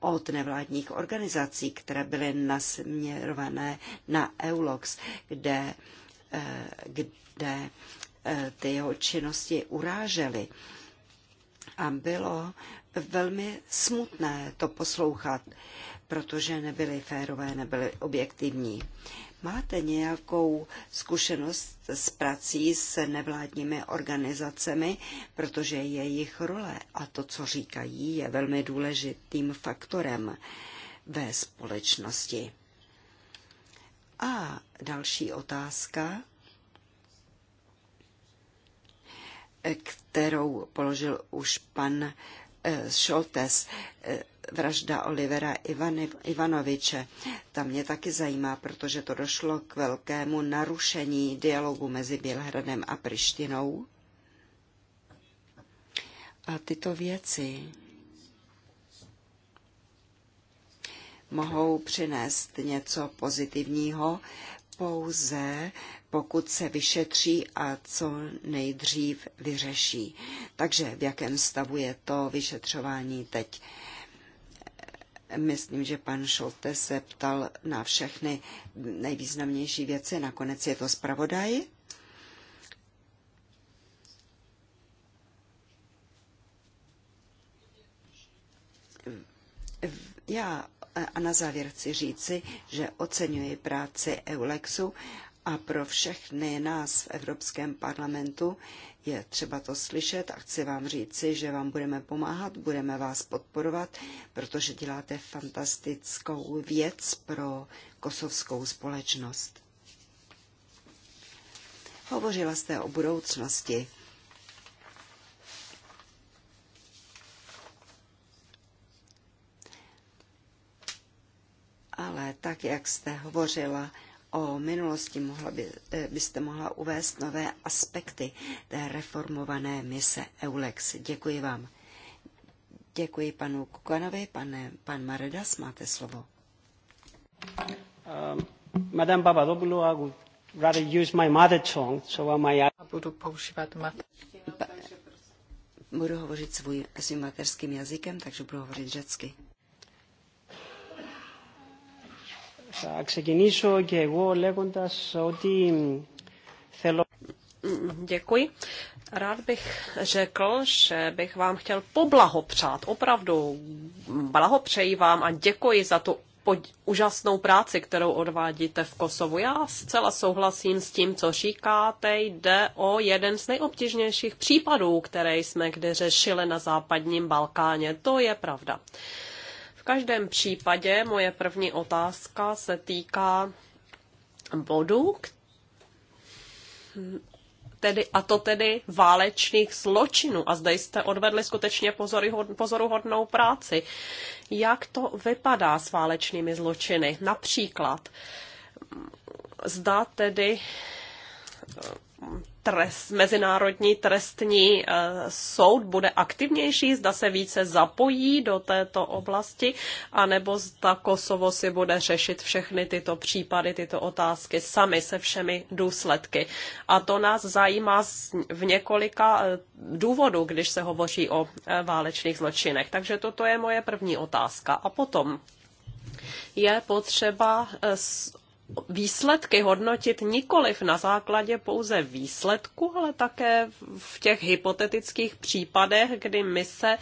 C: od nevládních organizací, které byly nasměrované na EULOX, kde, eh, kde eh, ty jeho činnosti urážely. A bylo velmi smutné to poslouchat, protože nebyly férové, nebyly objektivní. Máte nějakou zkušenost s prací s nevládními organizacemi, protože jejich role a to, co říkají, je velmi důležitým faktorem ve společnosti. A další otázka, kterou položil už pan eh, Šoltes eh, vražda Olivera Ivanoviče. Ta mě taky zajímá, protože to došlo k velkému narušení dialogu mezi Bělhradem a Prištinou. A tyto věci mohou přinést něco pozitivního pouze, pokud se vyšetří a co nejdřív vyřeší. Takže v jakém stavu je to vyšetřování teď? Myslím, že pan Šolte se ptal na všechny nejvýznamnější věci. Nakonec je to zpravodaj. Já a na závěr chci říci, že oceňuji práci Eulexu a pro všechny nás v Evropském parlamentu je třeba to slyšet a chci vám říci, že vám budeme pomáhat, budeme vás podporovat, protože děláte fantastickou věc pro kosovskou společnost. Hovořila jste o budoucnosti. Ale tak, jak jste hovořila, o minulosti, mohla by, eh, byste mohla uvést nové aspekty té reformované mise EULEX. Děkuji vám. Děkuji panu Kukanovi. Pane, pan Maredas, máte slovo. Um, Madame rather use my so I... Budu používat budu hovořit svůj, svým materským jazykem, takže budu hovořit řecky.
D: Děkuji. Rád bych řekl, že bych vám chtěl poblahopřát. Opravdu blahopřeji vám a děkuji za tu úžasnou práci, kterou odvádíte v Kosovu. Já zcela souhlasím s tím, co říkáte. Jde o jeden z nejobtížnějších případů, které jsme kdy řešili na západním Balkáně. To je pravda. Uh, v každém případě moje první otázka se týká bodu, tedy, a to tedy válečných zločinů. A zde jste odvedli skutečně pozoruhodnou práci. Jak to vypadá s válečnými zločiny? Například, zda tedy trest, Mezinárodní trestní eh, soud bude aktivnější, zda se více zapojí do této oblasti, anebo zda Kosovo si bude řešit všechny tyto případy, tyto otázky sami se všemi důsledky. A to nás zajímá v několika eh, důvodů, když se hovoří o eh, válečných zločinech. Takže toto je moje první otázka. A potom je potřeba výsledky hodnotit nikoliv na základě pouze výsledku, ale také v těch hypotetických případech, kdy mise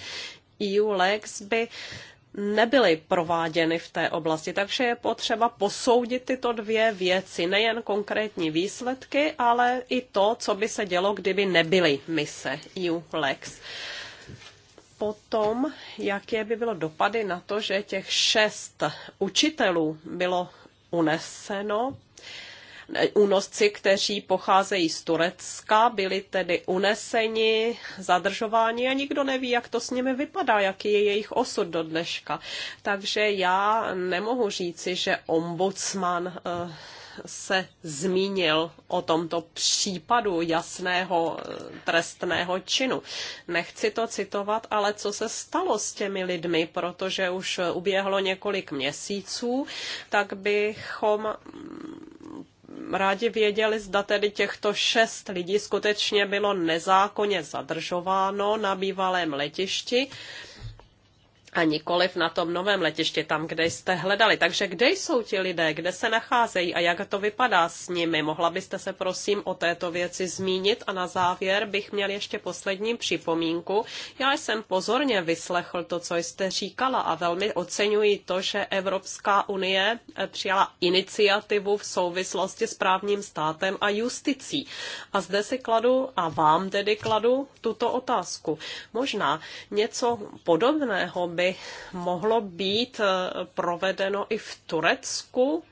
D: EU-LEX by nebyly prováděny v té oblasti. Takže je potřeba posoudit tyto dvě věci, nejen konkrétní výsledky, ale i to, co by se dělo, kdyby nebyly mise EU-LEX potom, jaké by bylo dopady na to, že těch šest učitelů bylo uneseno. Únosci, kteří pocházejí z Turecka, byli tedy uneseni, zadržováni a nikdo neví, jak to s nimi vypadá, jaký je jejich osud do dneška. Takže já nemohu říci, že ombudsman eh, se zmínil o tomto případu jasného eh, trestného činu. Nechci to citovat, ale co se stalo s těmi lidmi, protože už eh, uběhlo několik měsíců, tak bychom mm, rádi věděli, zda tedy těchto šest lidí skutečně bylo nezákonně zadržováno na bývalém letišti a nikoliv na tom novém letišti, tam, kde jste hledali. Takže kde jsou ti lidé, kde se nacházejí a jak to vypadá s nimi? Mohla byste se prosím o této věci zmínit a na závěr bych měl ještě poslední připomínku. Já jsem pozorně vyslechl to, co jste říkala a velmi oceňuji to, že Evropská unie eh, přijala iniciativu v souvislosti s právním státem a justicí. A zde si kladu a vám tedy kladu tuto otázku. Možná něco podobného by by mohlo být eh, provedeno i v Turecku,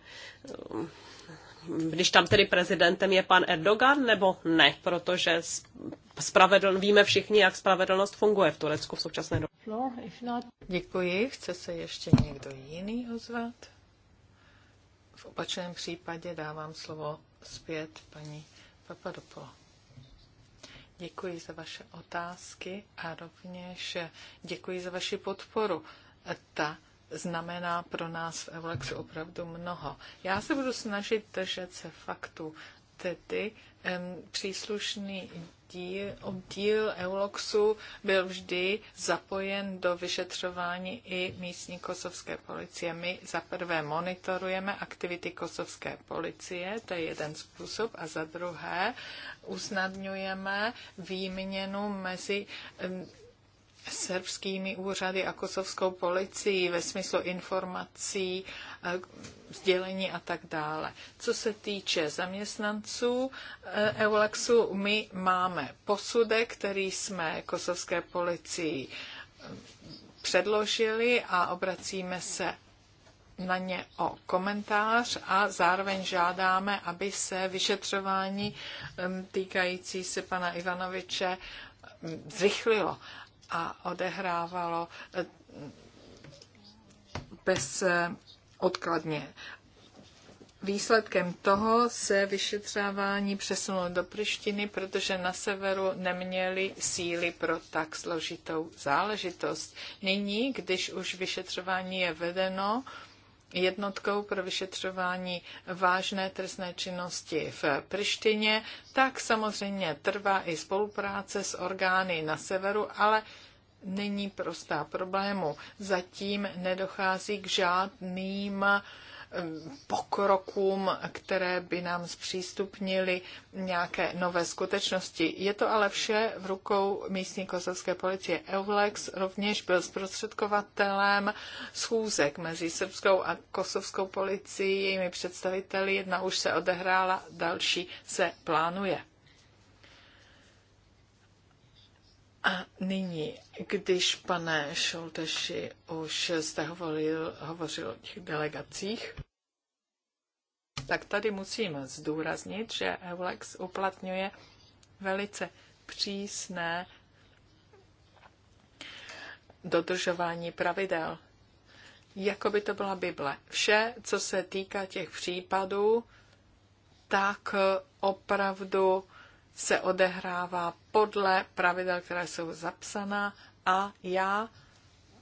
D: když tam tedy prezidentem je pan Erdogan, nebo ne? Protože spravedl, víme všichni, jak spravedlnost funguje v Turecku v současné době.
A: Děkuji. Chce se ještě někdo jiný ozvat? V opačném případě dávám slovo zpět paní Papadopoulos. Děkuji za vaše otázky a rovněž děkuji za vaši podporu. Ta znamená pro nás v Eulexu opravdu mnoho. Já se budu snažit držet se faktu, tedy příslušný díl, oddíl Euloxu byl vždy zapojen do vyšetřování i místní kosovské policie. My za prvé monitorujeme aktivity kosovské policie, to je jeden způsob, a za druhé usnadňujeme výměnu mezi srbskými úřady a kosovskou policií ve smyslu informací, eh, sdělení a tak dále. Co se týče zaměstnanců eh, Eulexu, my máme posudek, který jsme kosovské policii eh, předložili a obracíme se na ně o komentář a zároveň žádáme, aby se vyšetřování týkající se pana Ivanoviče zrychlilo a odehrávalo eh, bez eh, odkladně. Výsledkem toho se vyšetřávání přesunulo do Prištiny, protože na severu neměli síly pro tak složitou záležitost. Nyní, když už vyšetřování je vedeno, jednotkou pro vyšetřování vážné trestné činnosti v Prištině, tak samozřejmě trvá i spolupráce s orgány na severu, ale není prostá problému. Zatím nedochází k žádným uh, pokrokům, které by nám zpřístupnili nějaké nové skutečnosti. Je to ale vše v rukou místní kosovské policie. Eulex rovněž byl zprostředkovatelem schůzek mezi srbskou a kosovskou policií, jejími představiteli. Jedna už se odehrála, další se plánuje. A nyní, když pane Šolteši už jste hovoril, hovořil o těch delegacích, tak tady musím zdůraznit, že Eulex uplatňuje velice přísné dodržování pravidel. Jako by to byla Bible. Vše, co se týká těch případů, tak opravdu se odehrává podle pravidel, která jsou zapsaná a já,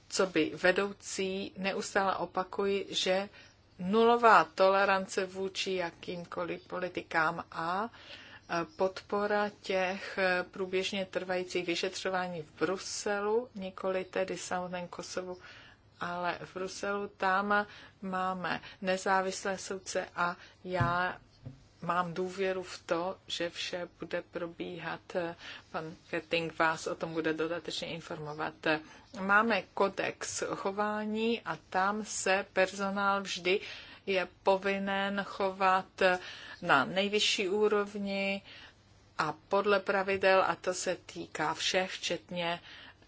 A: co by vedoucí, neustále opakuji, že nulová tolerance vůči jakýmkoliv politikám a e, podpora těch e, průběžně trvajících vyšetřování v Bruselu, nikoli tedy samotném Kosovu, ale v Bruselu tam máme nezávislé soudce a já mám důvěru v to, že vše bude probíhat. Pan Ketting vás o tom bude dodatečně informovat. Máme kodex chování a tam se personál vždy je povinen chovat na nejvyšší úrovni a podle pravidel, a to se týká všech, včetně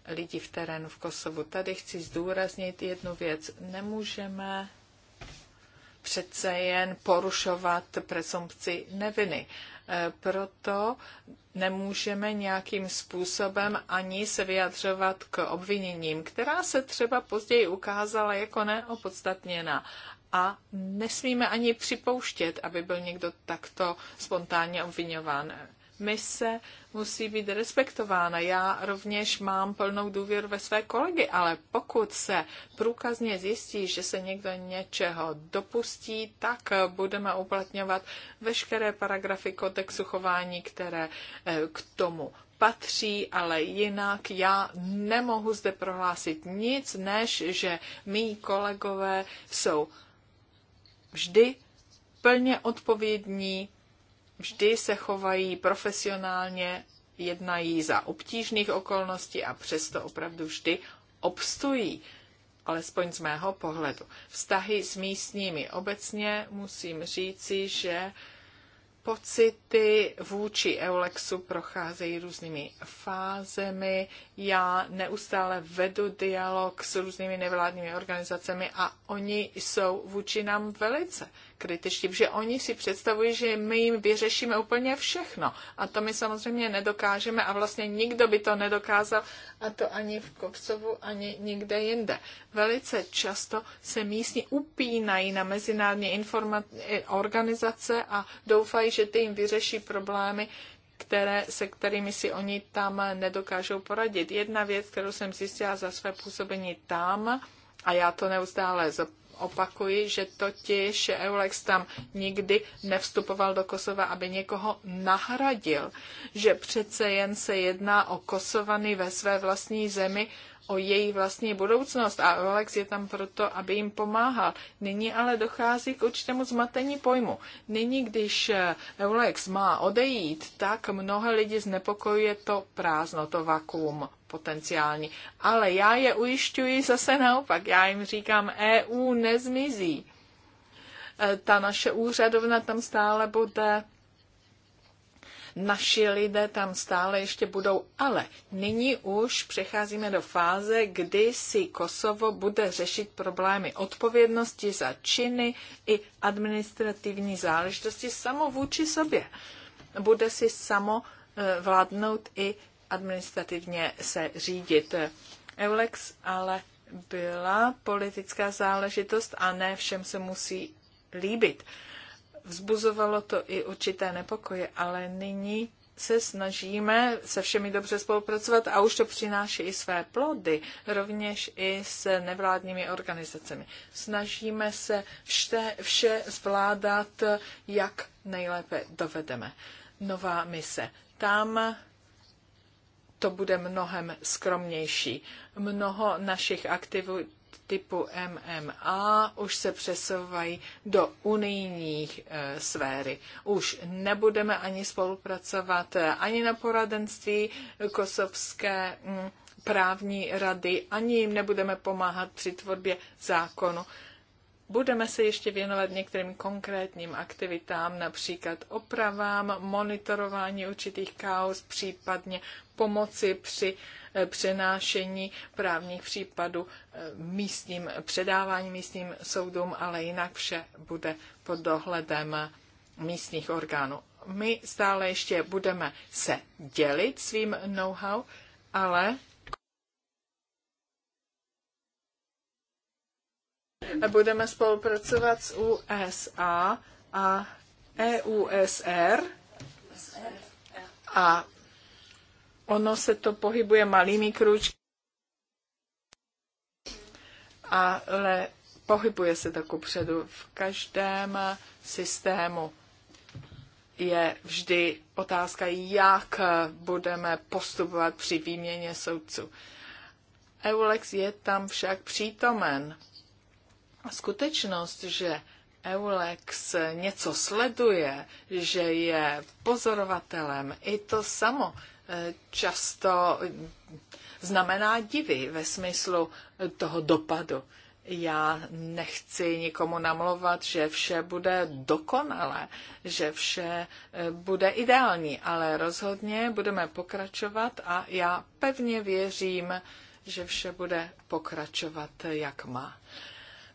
A: lidí v terénu v Kosovu. Tady chci zdůraznit jednu věc. Nemůžeme přece jen porušovat presumpci neviny. E, proto nemůžeme nějakým způsobem ani se vyjadřovat k obviněním, která se třeba později ukázala jako neopodstatněná. A nesmíme ani připouštět, aby byl někdo takto spontánně obvinován mise musí být respektována. Já rovněž mám plnou důvěru ve své kolegy, ale pokud se průkazně zjistí, že se někdo něčeho dopustí, tak budeme uplatňovat veškeré paragrafy kodexu chování, které eh, k tomu patří, ale jinak já nemohu zde prohlásit nic, než že mý kolegové jsou vždy plně odpovědní vždy se chovají profesionálně, jednají za obtížných okolností a přesto opravdu vždy obstojí, alespoň z mého pohledu. Vztahy s místními obecně musím říci, že pocity vůči Eulexu procházejí různými fázemi. Já neustále vedu dialog s různými nevládními organizacemi a oni jsou vůči nám velice kritičtí, protože oni si představují, že my jim vyřešíme úplně všechno. A to my samozřejmě nedokážeme a vlastně nikdo by to nedokázal, a to ani v Kopcovu, ani nikde jinde. Velice často se místní upínají na mezinárodní eh, organizace a doufají, že ty jim vyřeší problémy, které, se kterými si oni tam nedokážou poradit. Jedna věc, kterou jsem zjistila za své působení tam, a já to neustále opakuji, že totiž Eulex tam nikdy nevstupoval do Kosova, aby někoho nahradil, že přece jen se jedná o Kosovany ve své vlastní zemi, o její vlastní budoucnost a Alex je tam proto, aby jim pomáhal. Nyní ale dochází k určitému zmatení pojmu. Nyní, když Alex eh, má odejít, tak mnohé lidi znepokojuje to prázdno, to vakuum potenciální. Ale já je ujišťuji zase naopak. Já jim říkám, EU nezmizí. Eh, ta naše úřadovna tam stále bude naši lidé tam stále ještě budou, ale nyní už přecházíme do fáze, kdy si Kosovo bude řešit problémy odpovědnosti za činy i administrativní záležitosti samo vůči sobě. Bude si samo eh, vládnout i administrativně se řídit. Eulex ale byla politická záležitost a ne všem se musí líbit. Vzbuzovalo to i určité nepokoje, ale nyní se snažíme se všemi dobře spolupracovat a už to přináší i své plody, rovněž i s nevládními organizacemi. Snažíme se vše, vše zvládat, jak nejlépe dovedeme. Nová mise. Tam to bude mnohem skromnější. Mnoho našich aktivit typu MMA už se přesouvají do unijní e, sféry. Už nebudeme ani spolupracovat e, ani na poradenství kosovské m, mm, právní rady, ani jim nebudeme pomáhat při tvorbě zákonu. Budeme se ještě věnovat některým konkrétním aktivitám, například opravám, monitorování určitých kaos, případně pomoci při Eh, přenášení právních případů eh, místním předávání místním soudům, ale jinak vše bude pod dohledem místních orgánů. My stále ještě budeme se dělit svým know-how, ale budeme spolupracovat s USA a EUSR a e ono se to pohybuje malými kručky, ale pohybuje se to kupředu. V každém systému je vždy otázka, jak budeme postupovat při výměně soudců. Eulex je tam však přítomen. Skutečnost, že Eulex něco sleduje, že je pozorovatelem, i to samo Eh, často znamená divy ve smyslu toho dopadu. Já nechci nikomu namlouvat, že vše bude dokonalé, že vše eh, bude ideální, ale rozhodně budeme pokračovat a já pevně věřím, že vše bude pokračovat, jak má.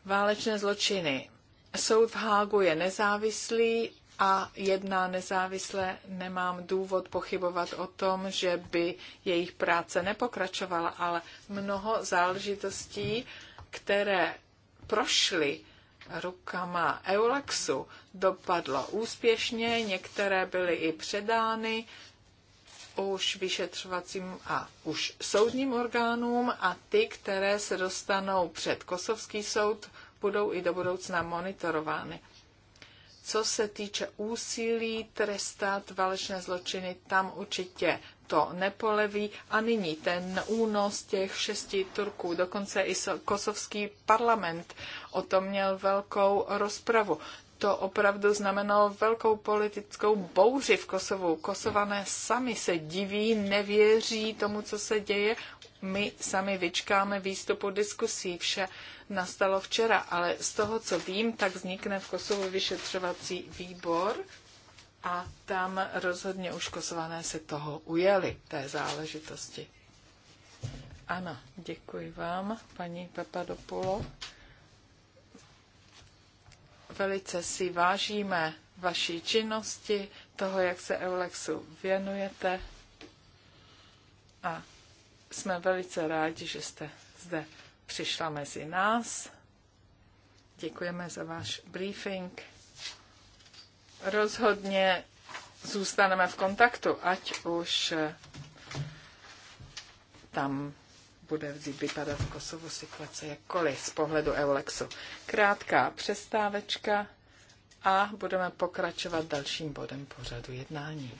A: Válečné zločiny. Soud v Hágu je nezávislý, a jedná nezávisle, nemám důvod pochybovat o tom, že by jejich práce nepokračovala, ale mnoho záležitostí, které prošly rukama Eulaxu, dopadlo úspěšně, některé byly i předány už vyšetřovacím a už soudním orgánům a ty, které se dostanou před kosovský soud, budou i do budoucna monitorovány. Co se týče úsilí trestat válečné zločiny, tam určitě to nepoleví. A nyní ten únos těch šesti Turků, dokonce i kosovský parlament o tom měl velkou rozpravu. To opravdu znamenalo velkou politickou bouři v Kosovu. Kosované sami se diví, nevěří tomu, co se děje my sami vyčkáme výstupu diskusí. Vše nastalo včera, ale z toho, co vím, tak vznikne v Kosovu vyšetřovací výbor a tam rozhodně už kosované se toho ujeli, té záležitosti. Ano, děkuji vám, paní Dopolo. Velice si vážíme vaší činnosti, toho, jak se Eulexu věnujete a jsme velice rádi, že jste zde přišla mezi nás. Děkujeme za váš briefing. Rozhodně zůstaneme v kontaktu, ať už eh, tam bude vždy vypadat v Kosovu situace jakkoliv z pohledu Eulexu. Krátká přestávečka a budeme pokračovat dalším bodem pořadu jednání.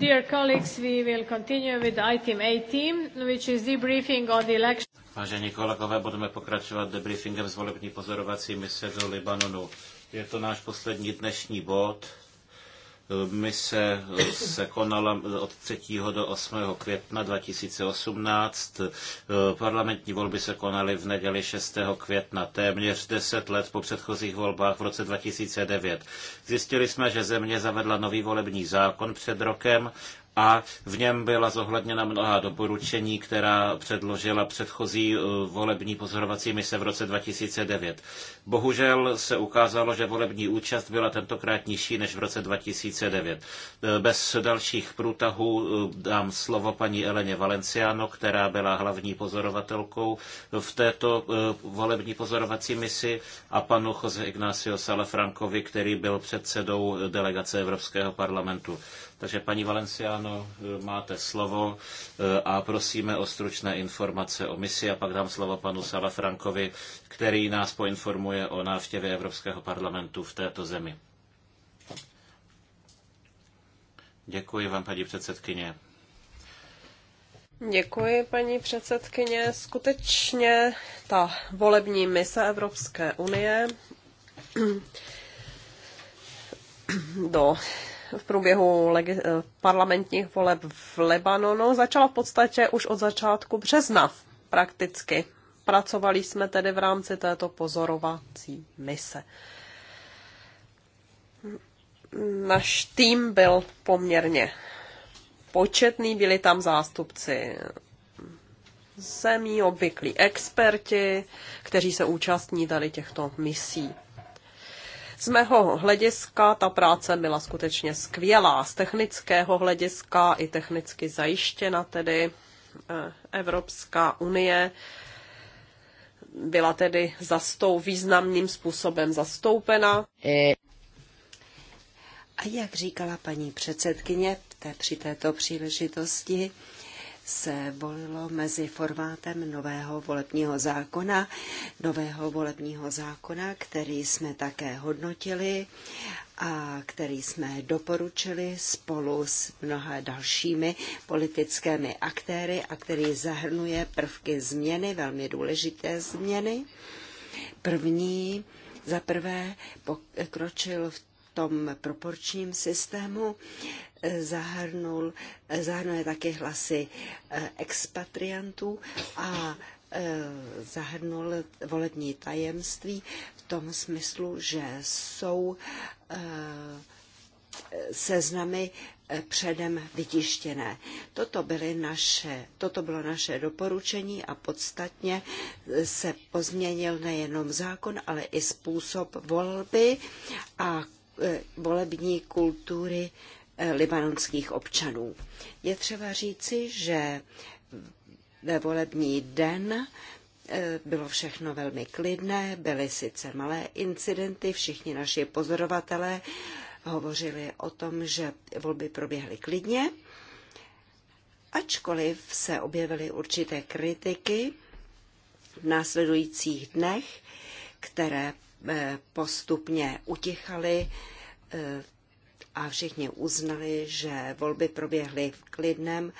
A: Dear colleagues, we will continue with item 18, which is debriefing on the election.
B: Vážení kolegové, budeme pokračovat debriefingem z volební pozorovací mise do Libanonu. Je to náš poslední dnešní bod. Mise se konala od 3. do 8. května 2018. Parlamentní volby se konaly v neděli 6. května, téměř 10 let po předchozích volbách v roce 2009. Zjistili jsme, že země zavedla nový volební zákon před rokem a v něm byla zohledněna mnoha doporučení, která předložila předchozí eh, volební pozorovací mise v roce 2009. Bohužel se ukázalo, že volební účast byla tentokrát nižší než v roce 2009. Eh, bez dalších průtahů eh, dám slovo paní Eleně Valenciano, která byla hlavní pozorovatelkou v této volební pozorovací misi a panu Jose Ignacio Salafrankovi, který byl předsedou delegace Evropského parlamentu. Takže paní Valenciano, eh, máte slovo eh, a prosíme o stručné informace o misi a pak dám slovo panu Salafrankovi, který nás poinformuje o návštěvě Evropského parlamentu v této zemi. Děkuji vám, paní předsedkyně.
D: Děkuji, paní předsedkyně. Skutečně ta volební mise Evropské unie do v průběhu eh, parlamentních voleb v Lebanonu začala v podstatě už od začátku března prakticky. Pracovali jsme tedy v rámci této pozorovací mise. Naš tým byl poměrně početný, byli tam zástupci zemí, obvyklí experti, kteří se účastní tady těchto misí. Z mého hlediska ta práce byla skutečně skvělá. Z technického hlediska i technicky zajištěna tedy eh, Evropská unie byla tedy zastou, významným způsobem zastoupena.
C: Eh. A jak říkala paní předsedkyně při této příležitosti, se volilo mezi formátem nového volebního zákona, nového volebního zákona, který jsme také hodnotili a který jsme doporučili spolu s mnoha dalšími politickými aktéry a který zahrnuje prvky změny, velmi důležité změny. První, za prvé pokročil v tom proporčním systému, zahrnul, zahrnuje také hlasy eh, expatriantů a eh, zahrnul volební tajemství v tom smyslu, že jsou eh, seznamy předem vytištěné. Toto, byly naše, toto bylo naše doporučení a podstatně se pozměnil nejenom zákon, ale i způsob volby a volební kultury libanonských občanů. Je třeba říci, že ve volební den eh, bylo všechno velmi klidné, byly sice malé incidenty, všichni naši pozorovatelé hovořili o tom, že volby proběhly klidně, ačkoliv se objevily určité kritiky v následujících dnech, které eh, postupně utichaly eh, a všichni uznali, že volby proběhly v klidném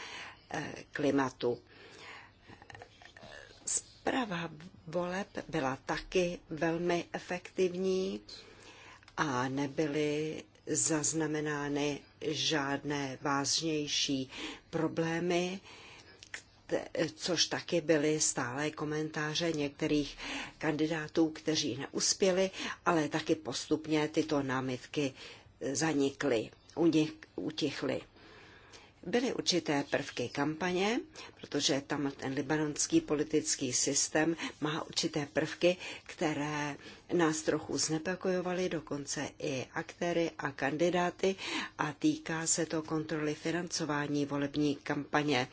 C: eh, klimatu. Zprava voleb byla taky velmi efektivní a nebyly zaznamenány žádné vážnější problémy, což taky byly stále komentáře některých kandidátů, kteří neuspěli, ale taky postupně tyto námitky zanikly, utichly. Byly určité prvky kampaně, protože tam ten libanonský politický systém má určité prvky, které nás trochu znepokojovaly, dokonce i aktéry a kandidáty a týká se to kontroly financování volební kampaně.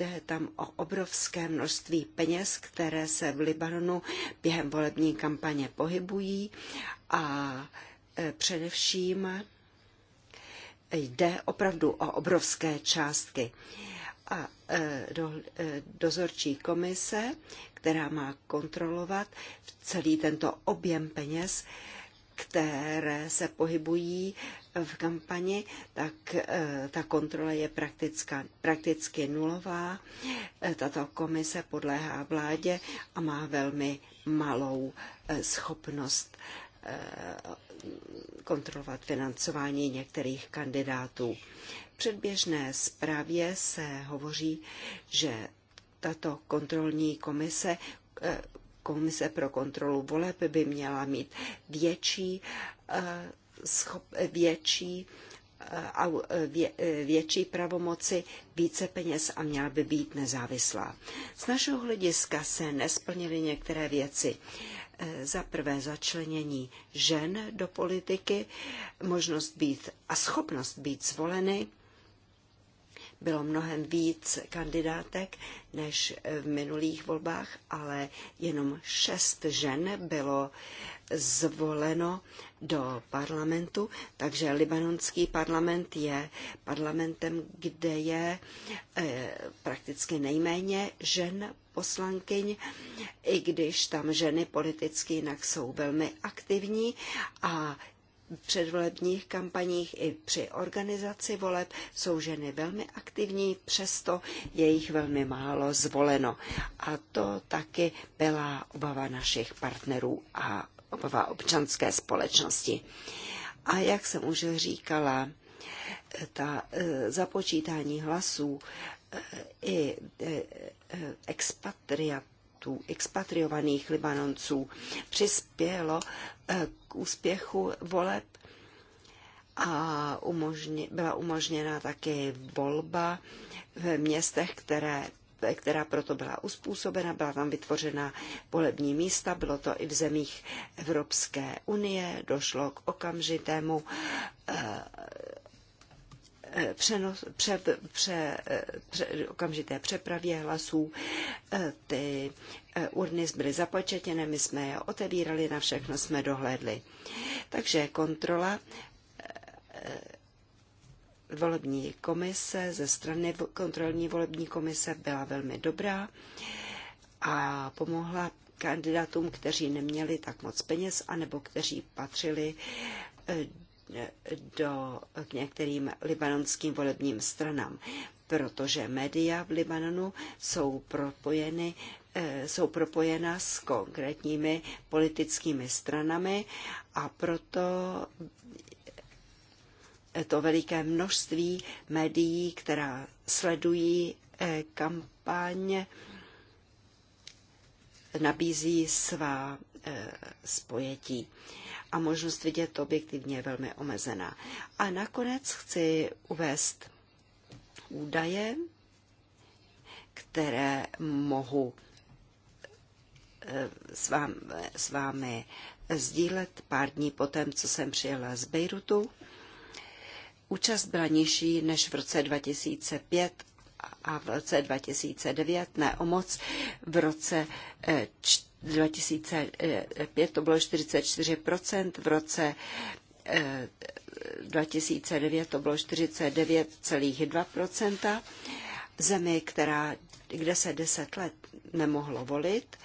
C: je tam o obrovské množství peněz, které se v Libanonu během volební kampaně pohybují a E, především jde opravdu o obrovské částky. A e, do, e, dozorčí komise, která má kontrolovat celý tento objem peněz, které se pohybují v kampani, tak ta kontrola je praktická, prakticky nulová. Tato komise podléhá vládě a má velmi malou schopnost Eh, kontrolovat financování některých kandidátů. V předběžné zprávě se hovoří, že tato kontrolní komise eh, komise pro kontrolu voleb by měla mít větší, eh, schop, větší, vě, větší pravomoci, více peněz a měla by být nezávislá. Z našeho hlediska se nesplnily některé věci. Eh, za prvé začlenění žen do politiky, možnost být a schopnost být zvoleny. Bylo mnohem víc kandidátek než v minulých volbách, ale jenom šest žen bylo zvoleno do parlamentu, takže libanonský parlament je parlamentem, kde je e, prakticky nejméně žen poslankyň, i když tam ženy politicky jinak jsou velmi aktivní a předvolebních kampaních i při organizaci voleb jsou ženy velmi aktivní, přesto je jich velmi málo zvoleno. A to taky byla obava našich partnerů a obava občanské společnosti. A jak jsem už říkala, ta e, započítání hlasů e, i e, expatriatů, expatriovaných Libanonců přispělo k úspěchu voleb a umožně, byla umožněna také volba v městech, které která proto byla uspůsobena, byla tam vytvořena volební místa, bylo to i v zemích Evropské unie, došlo k okamžitému eh, eh, přenos, pře, pře, eh, pře, okamžité přepravě hlasů. Ty urny byly započetěné, my jsme je otevírali, na všechno jsme dohlédli. Takže kontrola volební komise ze strany kontrolní volební komise byla velmi dobrá a pomohla kandidátům, kteří neměli tak moc peněz, anebo kteří patřili eh, do, k některým libanonským volebním stranám, protože média v Libanonu jsou propojeny eh, jsou propojena s konkrétními politickými stranami a proto to veliké množství médií, která sledují eh, kampaň, nabízí svá eh, spojetí a možnost vidět to objektivně je velmi omezená. A nakonec chci uvést údaje, které mohu eh, s vámi, s vámi sdílet pár dní potom, co jsem přijela z Bejrutu. Účast byla nižší než v roce 2005 a v roce 2009, ne o moc, v roce 2005 eh, to bylo 44%, v roce 2009 eh, to bylo 49,2%. Zemi, která, kde se 10 let nemohlo volit,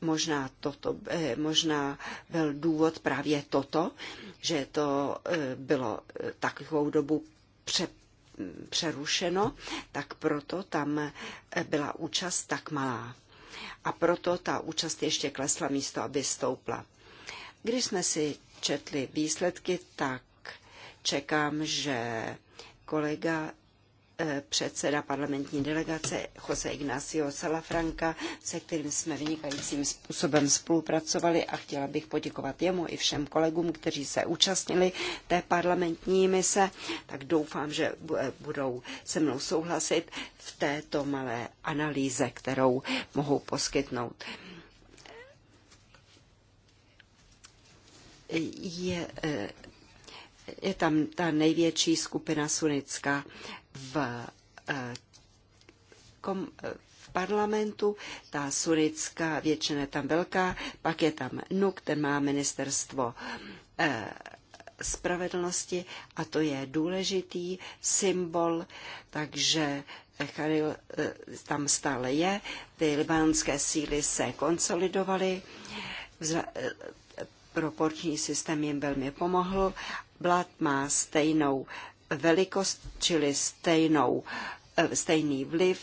C: Možná, toto, eh, možná byl důvod právě toto, že to eh, bylo eh, takovou dobu pře, mm, přerušeno, tak proto tam byla účast tak malá. A proto ta účast ještě klesla místo, aby stoupla. Když jsme si četli výsledky, tak čekám, že kolega Eh, předseda parlamentní delegace Jose Ignacio Salafranca, se kterým jsme vynikajícím způsobem spolupracovali a chtěla bych poděkovat jemu i všem kolegům, kteří se účastnili té parlamentní mise, tak doufám, že eh, budou se mnou souhlasit v této malé analýze, kterou mohou poskytnout. Je, eh, je tam ta největší skupina sunická v, eh, kom, v eh, parlamentu, ta sunická většina je tam velká, pak je tam NUK, ten má ministerstvo eh, spravedlnosti a to je důležitý symbol, takže Charil tam stále je, ty libanské síly se konsolidovaly, proporční systém jim velmi pomohl, Blat má stejnou velikost, čili stejnou, eh, stejný vliv,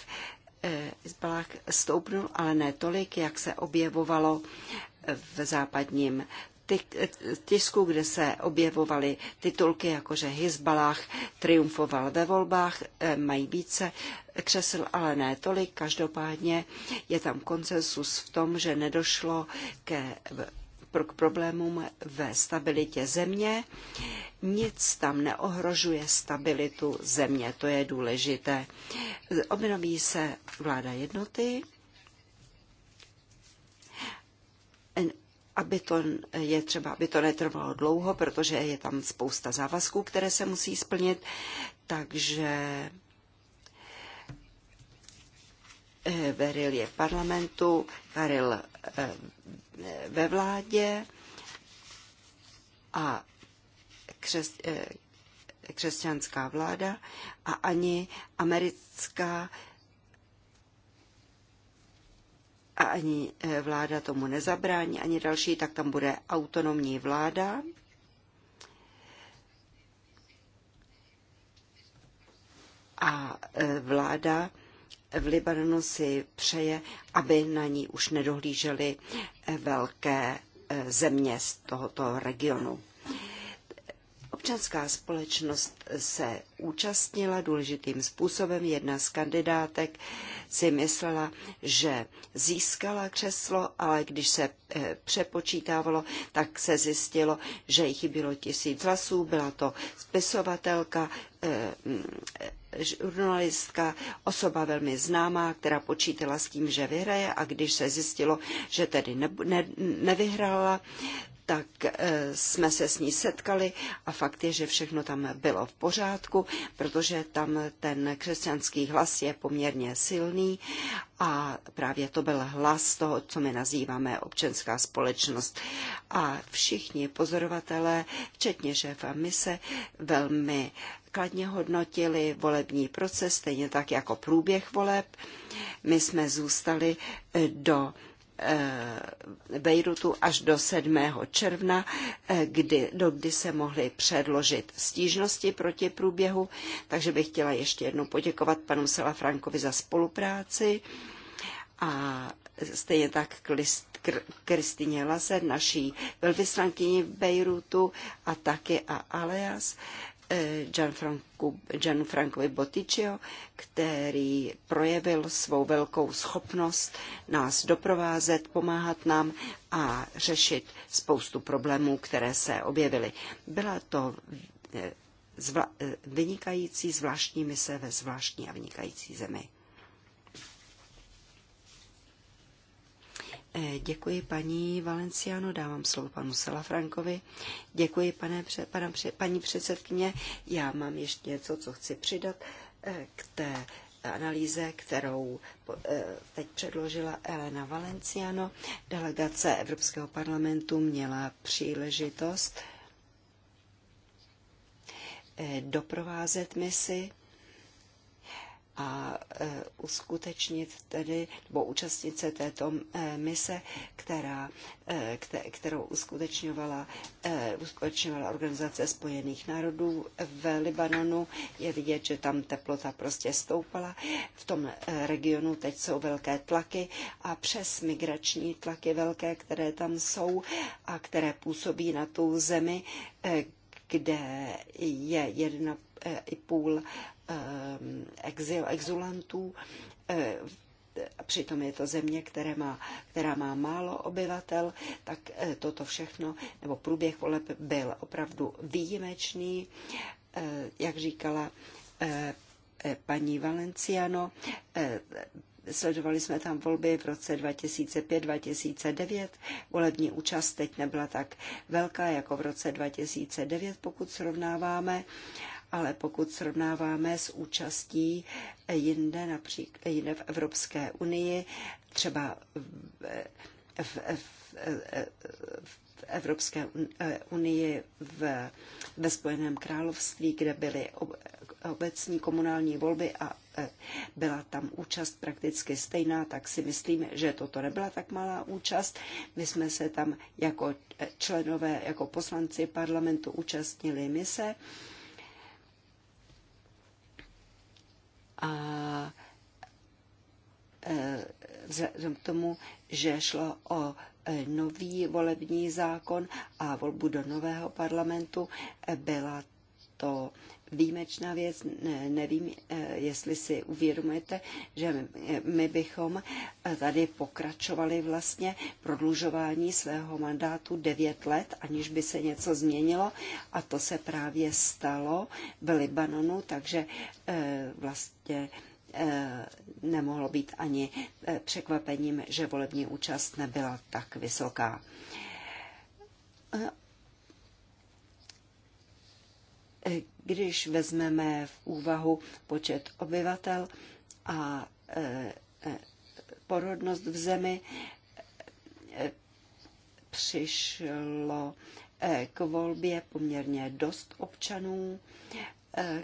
C: eh, zbalák stoupnul, ale ne tolik, jak se objevovalo v západním eh, tisku, kde se objevovaly titulky jako, že Hezbalah triumfoval ve volbách, mají více křesel, ale ne tolik. Každopádně je tam konsensus v tom, že nedošlo ke k problémům ve stabilitě země. Nic tam neohrožuje stabilitu země, to je důležité. Obnoví se vláda jednoty, aby to je třeba, aby to netrvalo dlouho, protože je tam spousta závazků, které se musí splnit, takže Veril je v parlamentu, veril eh, ve vládě a křes, eh, křesťanská vláda a ani americká a ani eh, vláda tomu nezabrání, ani další, tak tam bude autonomní vláda. A vláda v Libanonu si přeje, aby na ní už nedohlížely velké eh, země z tohoto regionu. Občanská společnost se účastnila důležitým způsobem. Jedna z kandidátek si myslela, že získala křeslo, ale když se eh, přepočítávalo, tak se zjistilo, že jich bylo tisíc hlasů. Byla to spisovatelka, eh, mm, eh, žurnalistka, osoba velmi známá, která počítala s tím, že vyhraje a když se zjistilo, že tedy ne, ne, nevyhrála, tak eh, jsme se s ní setkali a fakt je, že všechno tam bylo v pořádku, protože tam ten křesťanský hlas je poměrně silný a právě to byl hlas toho, co my nazýváme občanská společnost. A všichni pozorovatelé, včetně šéfa mise, velmi kladně hodnotili volební proces, stejně tak jako průběh voleb. My jsme zůstali eh, do Eh, Bejrutu až do 7. června, eh, kdy, do kdy se mohly předložit stížnosti proti průběhu. Takže bych chtěla ještě jednou poděkovat panu Frankovi za spolupráci a stejně tak Kristině Lazer, naší velvyslankyni v Bejrutu a taky a Aleas. Eh, Gianfranco, Gianfrancovi Botticcio, který projevil svou velkou schopnost nás doprovázet, pomáhat nám a řešit spoustu problémů, které se objevily. Byla to eh, zvla- eh, vynikající zvláštní mise ve zvláštní a vynikající zemi. E, děkuji paní Valenciano, dávám slovo panu Salafrankovi. Děkuji pane, pana, paní předsedkyně. Já mám ještě něco, co chci přidat e, k té analýze, kterou e, teď předložila Elena Valenciano. Delegace Evropského parlamentu měla příležitost doprovázet misi a e, uskutečnit tedy, nebo účastnit se této e, mise, která, e, kterou uskutečňovala, uskutečňovala Organizace spojených národů v Libanonu. Je vidět, že tam teplota prostě stoupala. V tom regionu teď jsou velké tlaky a přes migrační tlaky velké, které tam jsou a které působí na tu zemi, kde je jedna i půl Eh, exil, exulantů. Eh, přitom je to země, které má, která má málo obyvatel, tak eh, toto všechno, nebo průběh voleb byl opravdu výjimečný. Jak říkala paní Valenciano, Sledovali jsme tam volby v roce 2005-2009. Volební účast teď nebyla tak velká jako v roce 2009, pokud srovnáváme ale pokud srovnáváme s účastí jinde, například jinde v Evropské unii, třeba v, v, v, v Evropské unii v, ve Spojeném království, kde byly obecní komunální volby a e, byla tam účast prakticky stejná, tak si myslím, že toto nebyla tak malá účast. My jsme se tam jako členové, jako poslanci parlamentu účastnili mise. se A e, vzhledem k tomu, že šlo o e, nový volební zákon a volbu do nového parlamentu, e, byla to výjimečná věc. Ne, nevím, eh, jestli si uvědomujete, že my bychom eh, tady pokračovali vlastně prodlužování svého mandátu 9 let, aniž by se něco změnilo a to se právě stalo v Libanonu, takže eh, vlastně nemohlo být ani překvapením, že volební účast nebyla tak vysoká když vezmeme v úvahu počet obyvatel a e, e, porodnost v zemi, e, přišlo k volbě poměrně dost občanů,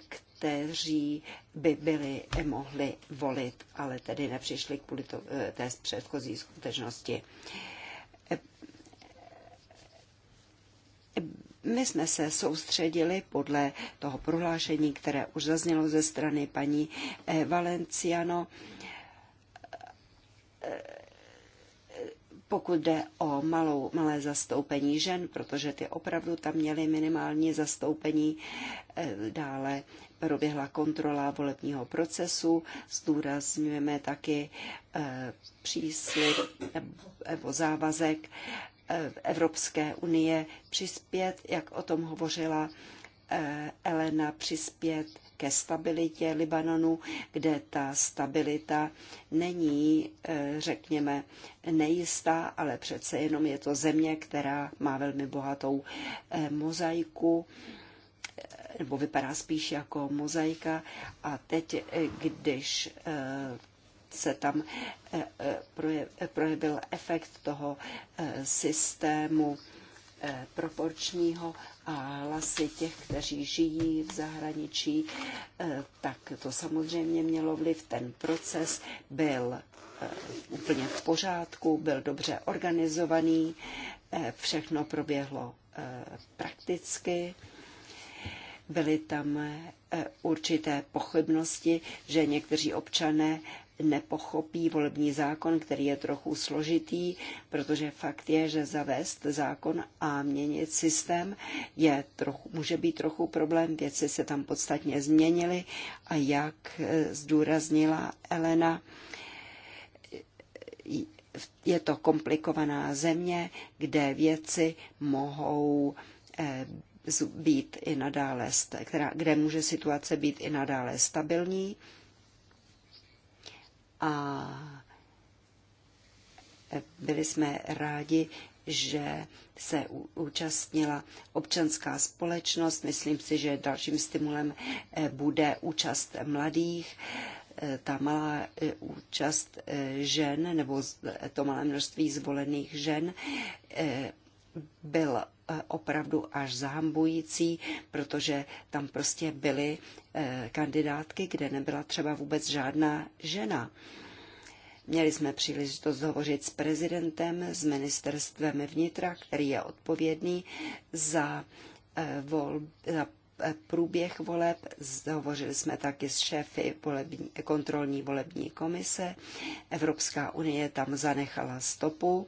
C: kteří by byli mohli volit, ale tedy nepřišli kvůli to, té předchozí skutečnosti. My jsme se soustředili podle toho prohlášení, které už zaznělo ze strany paní eh, Valenciano, eh, pokud jde o malou, malé zastoupení žen, protože ty opravdu tam měly minimální zastoupení. Eh, dále proběhla kontrola volebního procesu, zdůrazňujeme taky příslip nebo závazek Evropské unie přispět, jak o tom hovořila eh, Elena, přispět ke stabilitě Libanonu, kde ta stabilita není, eh, řekněme, nejistá, ale přece jenom je to země, která má velmi bohatou eh, mozaiku nebo vypadá spíš jako mozaika. A teď, když se tam eh, eh, eh, projevil efekt toho systému proporčního a hlasy těch, kteří žijí v zahraničí, tak to samozřejmě mělo vliv. Ten proces byl úplně v pořádku, byl dobře organizovaný, všechno proběhlo prakticky. Byly tam určité pochybnosti, že někteří občané nepochopí volební zákon, který je trochu složitý, protože fakt je, že zavést zákon a měnit systém je trochu, může být trochu problém. Věci se tam podstatně změnily a jak eh, zdůraznila Elena, je to komplikovaná země, kde věci mohou eh, být i nadále, která, kde může situace být i nadále stabilní a byli jsme rádi, že se účastnila občanská společnost. Myslím si, že dalším stimulem eh, bude účast mladých. Eh, ta malá eh, účast žen nebo to malé množství zvolených žen byl Eh, opravdu až zahambující, protože tam prostě byly eh, kandidátky, kde nebyla třeba vůbec žádná žena. Měli jsme příležitost hovořit s prezidentem, s ministerstvem vnitra, který je odpovědný za, eh, vol, za průběh voleb. Hovořili jsme taky s šéfy volební, kontrolní volební komise. Evropská unie tam zanechala stopu.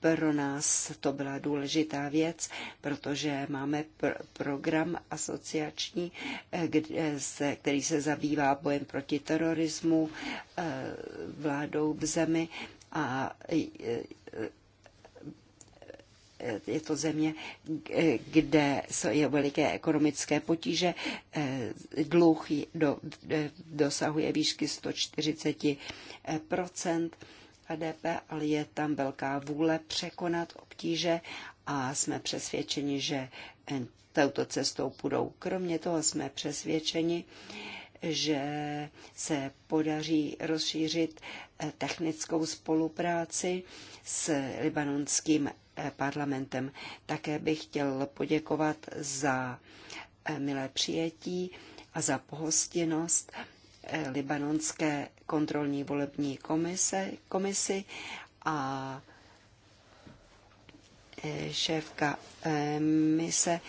C: Pro nás to byla důležitá věc, protože máme pr- program asociační, eh, kde se, který se zabývá bojem proti terorismu, eh, vládou v zemi a eh, je to země, kde je veliké ekonomické potíže. Dluh do, dosahuje výšky 140 HDP, ale je tam velká vůle překonat obtíže a jsme přesvědčeni, že touto cestou půjdou. Kromě toho jsme přesvědčeni, že se podaří rozšířit eh, technickou spolupráci s libanonským eh, parlamentem. Také bych chtěl poděkovat za eh, milé přijetí a za pohostinnost libanonské kontrolní volební komise, komisi a e, šéfka e, mise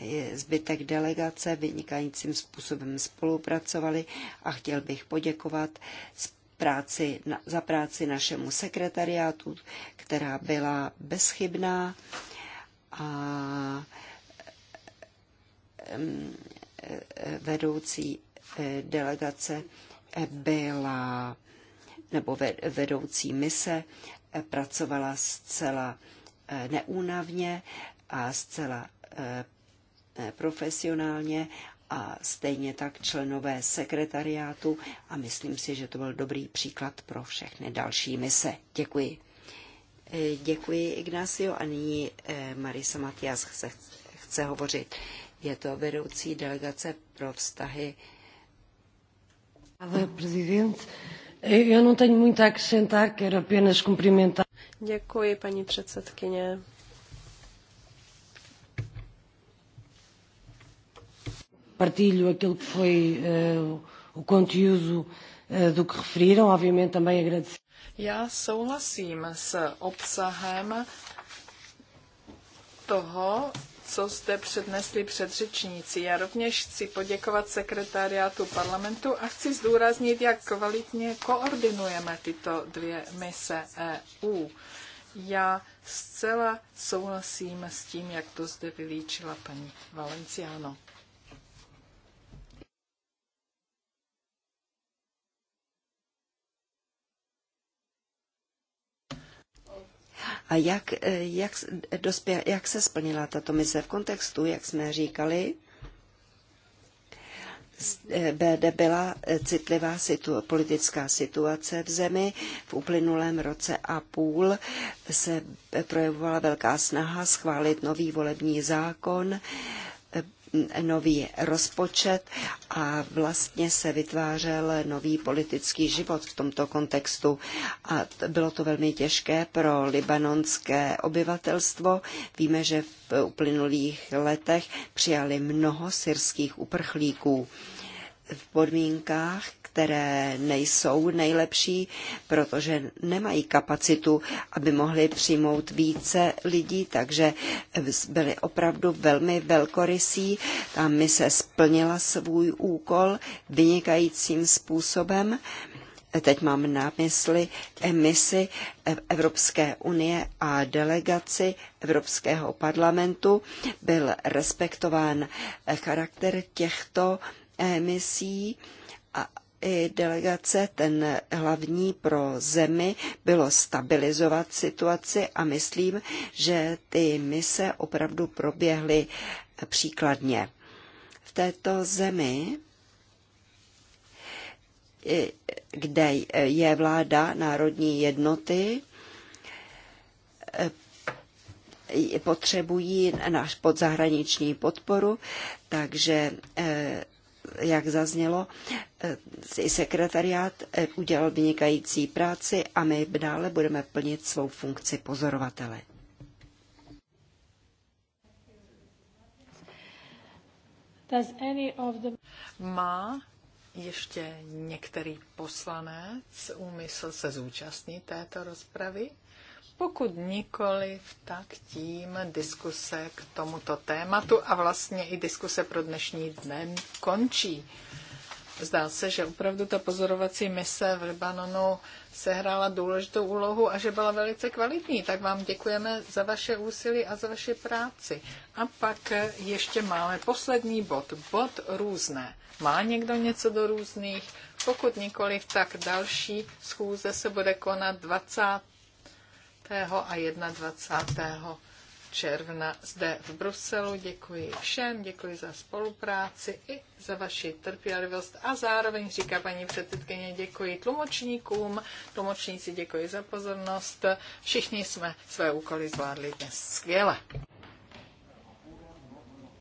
C: e, zbytek delegace vynikajícím způsobem spolupracovali a chtěl bych poděkovat práci, za práci našemu sekretariátu, která byla bezchybná a vedoucí Eh, delegace eh, byla, nebo vedoucí mise eh, pracovala zcela neúnavně a zcela profesionálně a stejně tak členové sekretariátu a myslím si, že to byl dobrý příklad pro všechny další mise. Děkuji. Děkuji, Ignacio. A nyní Marisa Matias chce, chce hovořit. Je to vedoucí delegace pro vztahy
D: Děkuji, paní předsedkyně. Partilho aquilo que foi uh, o conteúdo uh, do que referiram, obviamente também agradecer.
A: Já souhlasím s obsahem toho, co zde přednesli předřečníci. Já rovněž chci poděkovat sekretariátu parlamentu a chci zdůraznit, jak kvalitně koordinujeme tyto dvě mise EU. Já zcela souhlasím s tím, jak to zde vylíčila paní Valenciano.
C: A jak, eh, jak, dospě, jak se splnila tato mise v kontextu, jak jsme říkali, eh, Bede byla eh, citlivá situ- politická situace v zemi. V uplynulém roce a půl se projevovala velká snaha schválit nový volební zákon nový rozpočet a vlastně se vytvářel nový politický život v tomto kontextu. A bylo to velmi těžké pro libanonské obyvatelstvo. Víme, že v uplynulých letech přijali mnoho syrských uprchlíků v podmínkách, které nejsou nejlepší, protože nemají kapacitu, aby mohli přijmout více lidí, takže byli opravdu velmi velkorysí. Tam mise se splnila svůj úkol vynikajícím způsobem. Teď mám na mysli emisi Evropské unie a delegaci Evropského parlamentu. Byl respektován charakter těchto emisí a, i delegace, ten hlavní pro zemi bylo stabilizovat situaci a myslím, že ty mise opravdu proběhly příkladně. V této zemi kde je vláda národní jednoty, potřebují náš podzahraniční podporu, takže eh, jak zaznělo, eh, i sekretariát eh, udělal vynikající práci a my dále budeme plnit svou funkci pozorovatele.
A: Má ještě některý poslanec úmysl se zúčastnit této rozpravy? Pokud nikoli, tak tím diskuse k tomuto tématu a vlastně i diskuse pro dnešní den končí. Zdá se, že opravdu ta pozorovací mise v Libanonu sehrála důležitou úlohu a že byla velice kvalitní. Tak vám děkujeme za vaše úsilí a za vaši práci. A pak ještě máme poslední bod. Bod různé. Má někdo něco do různých? Pokud nikoliv, tak další schůze se bude konat 20 a 21. června zde v Bruselu. Děkuji všem, děkuji za spolupráci i za vaši trpělivost a zároveň říká paní předsedkyně děkuji tlumočníkům, tlumočníci děkuji za pozornost. Všichni jsme své úkoly zvládli dnes skvěle.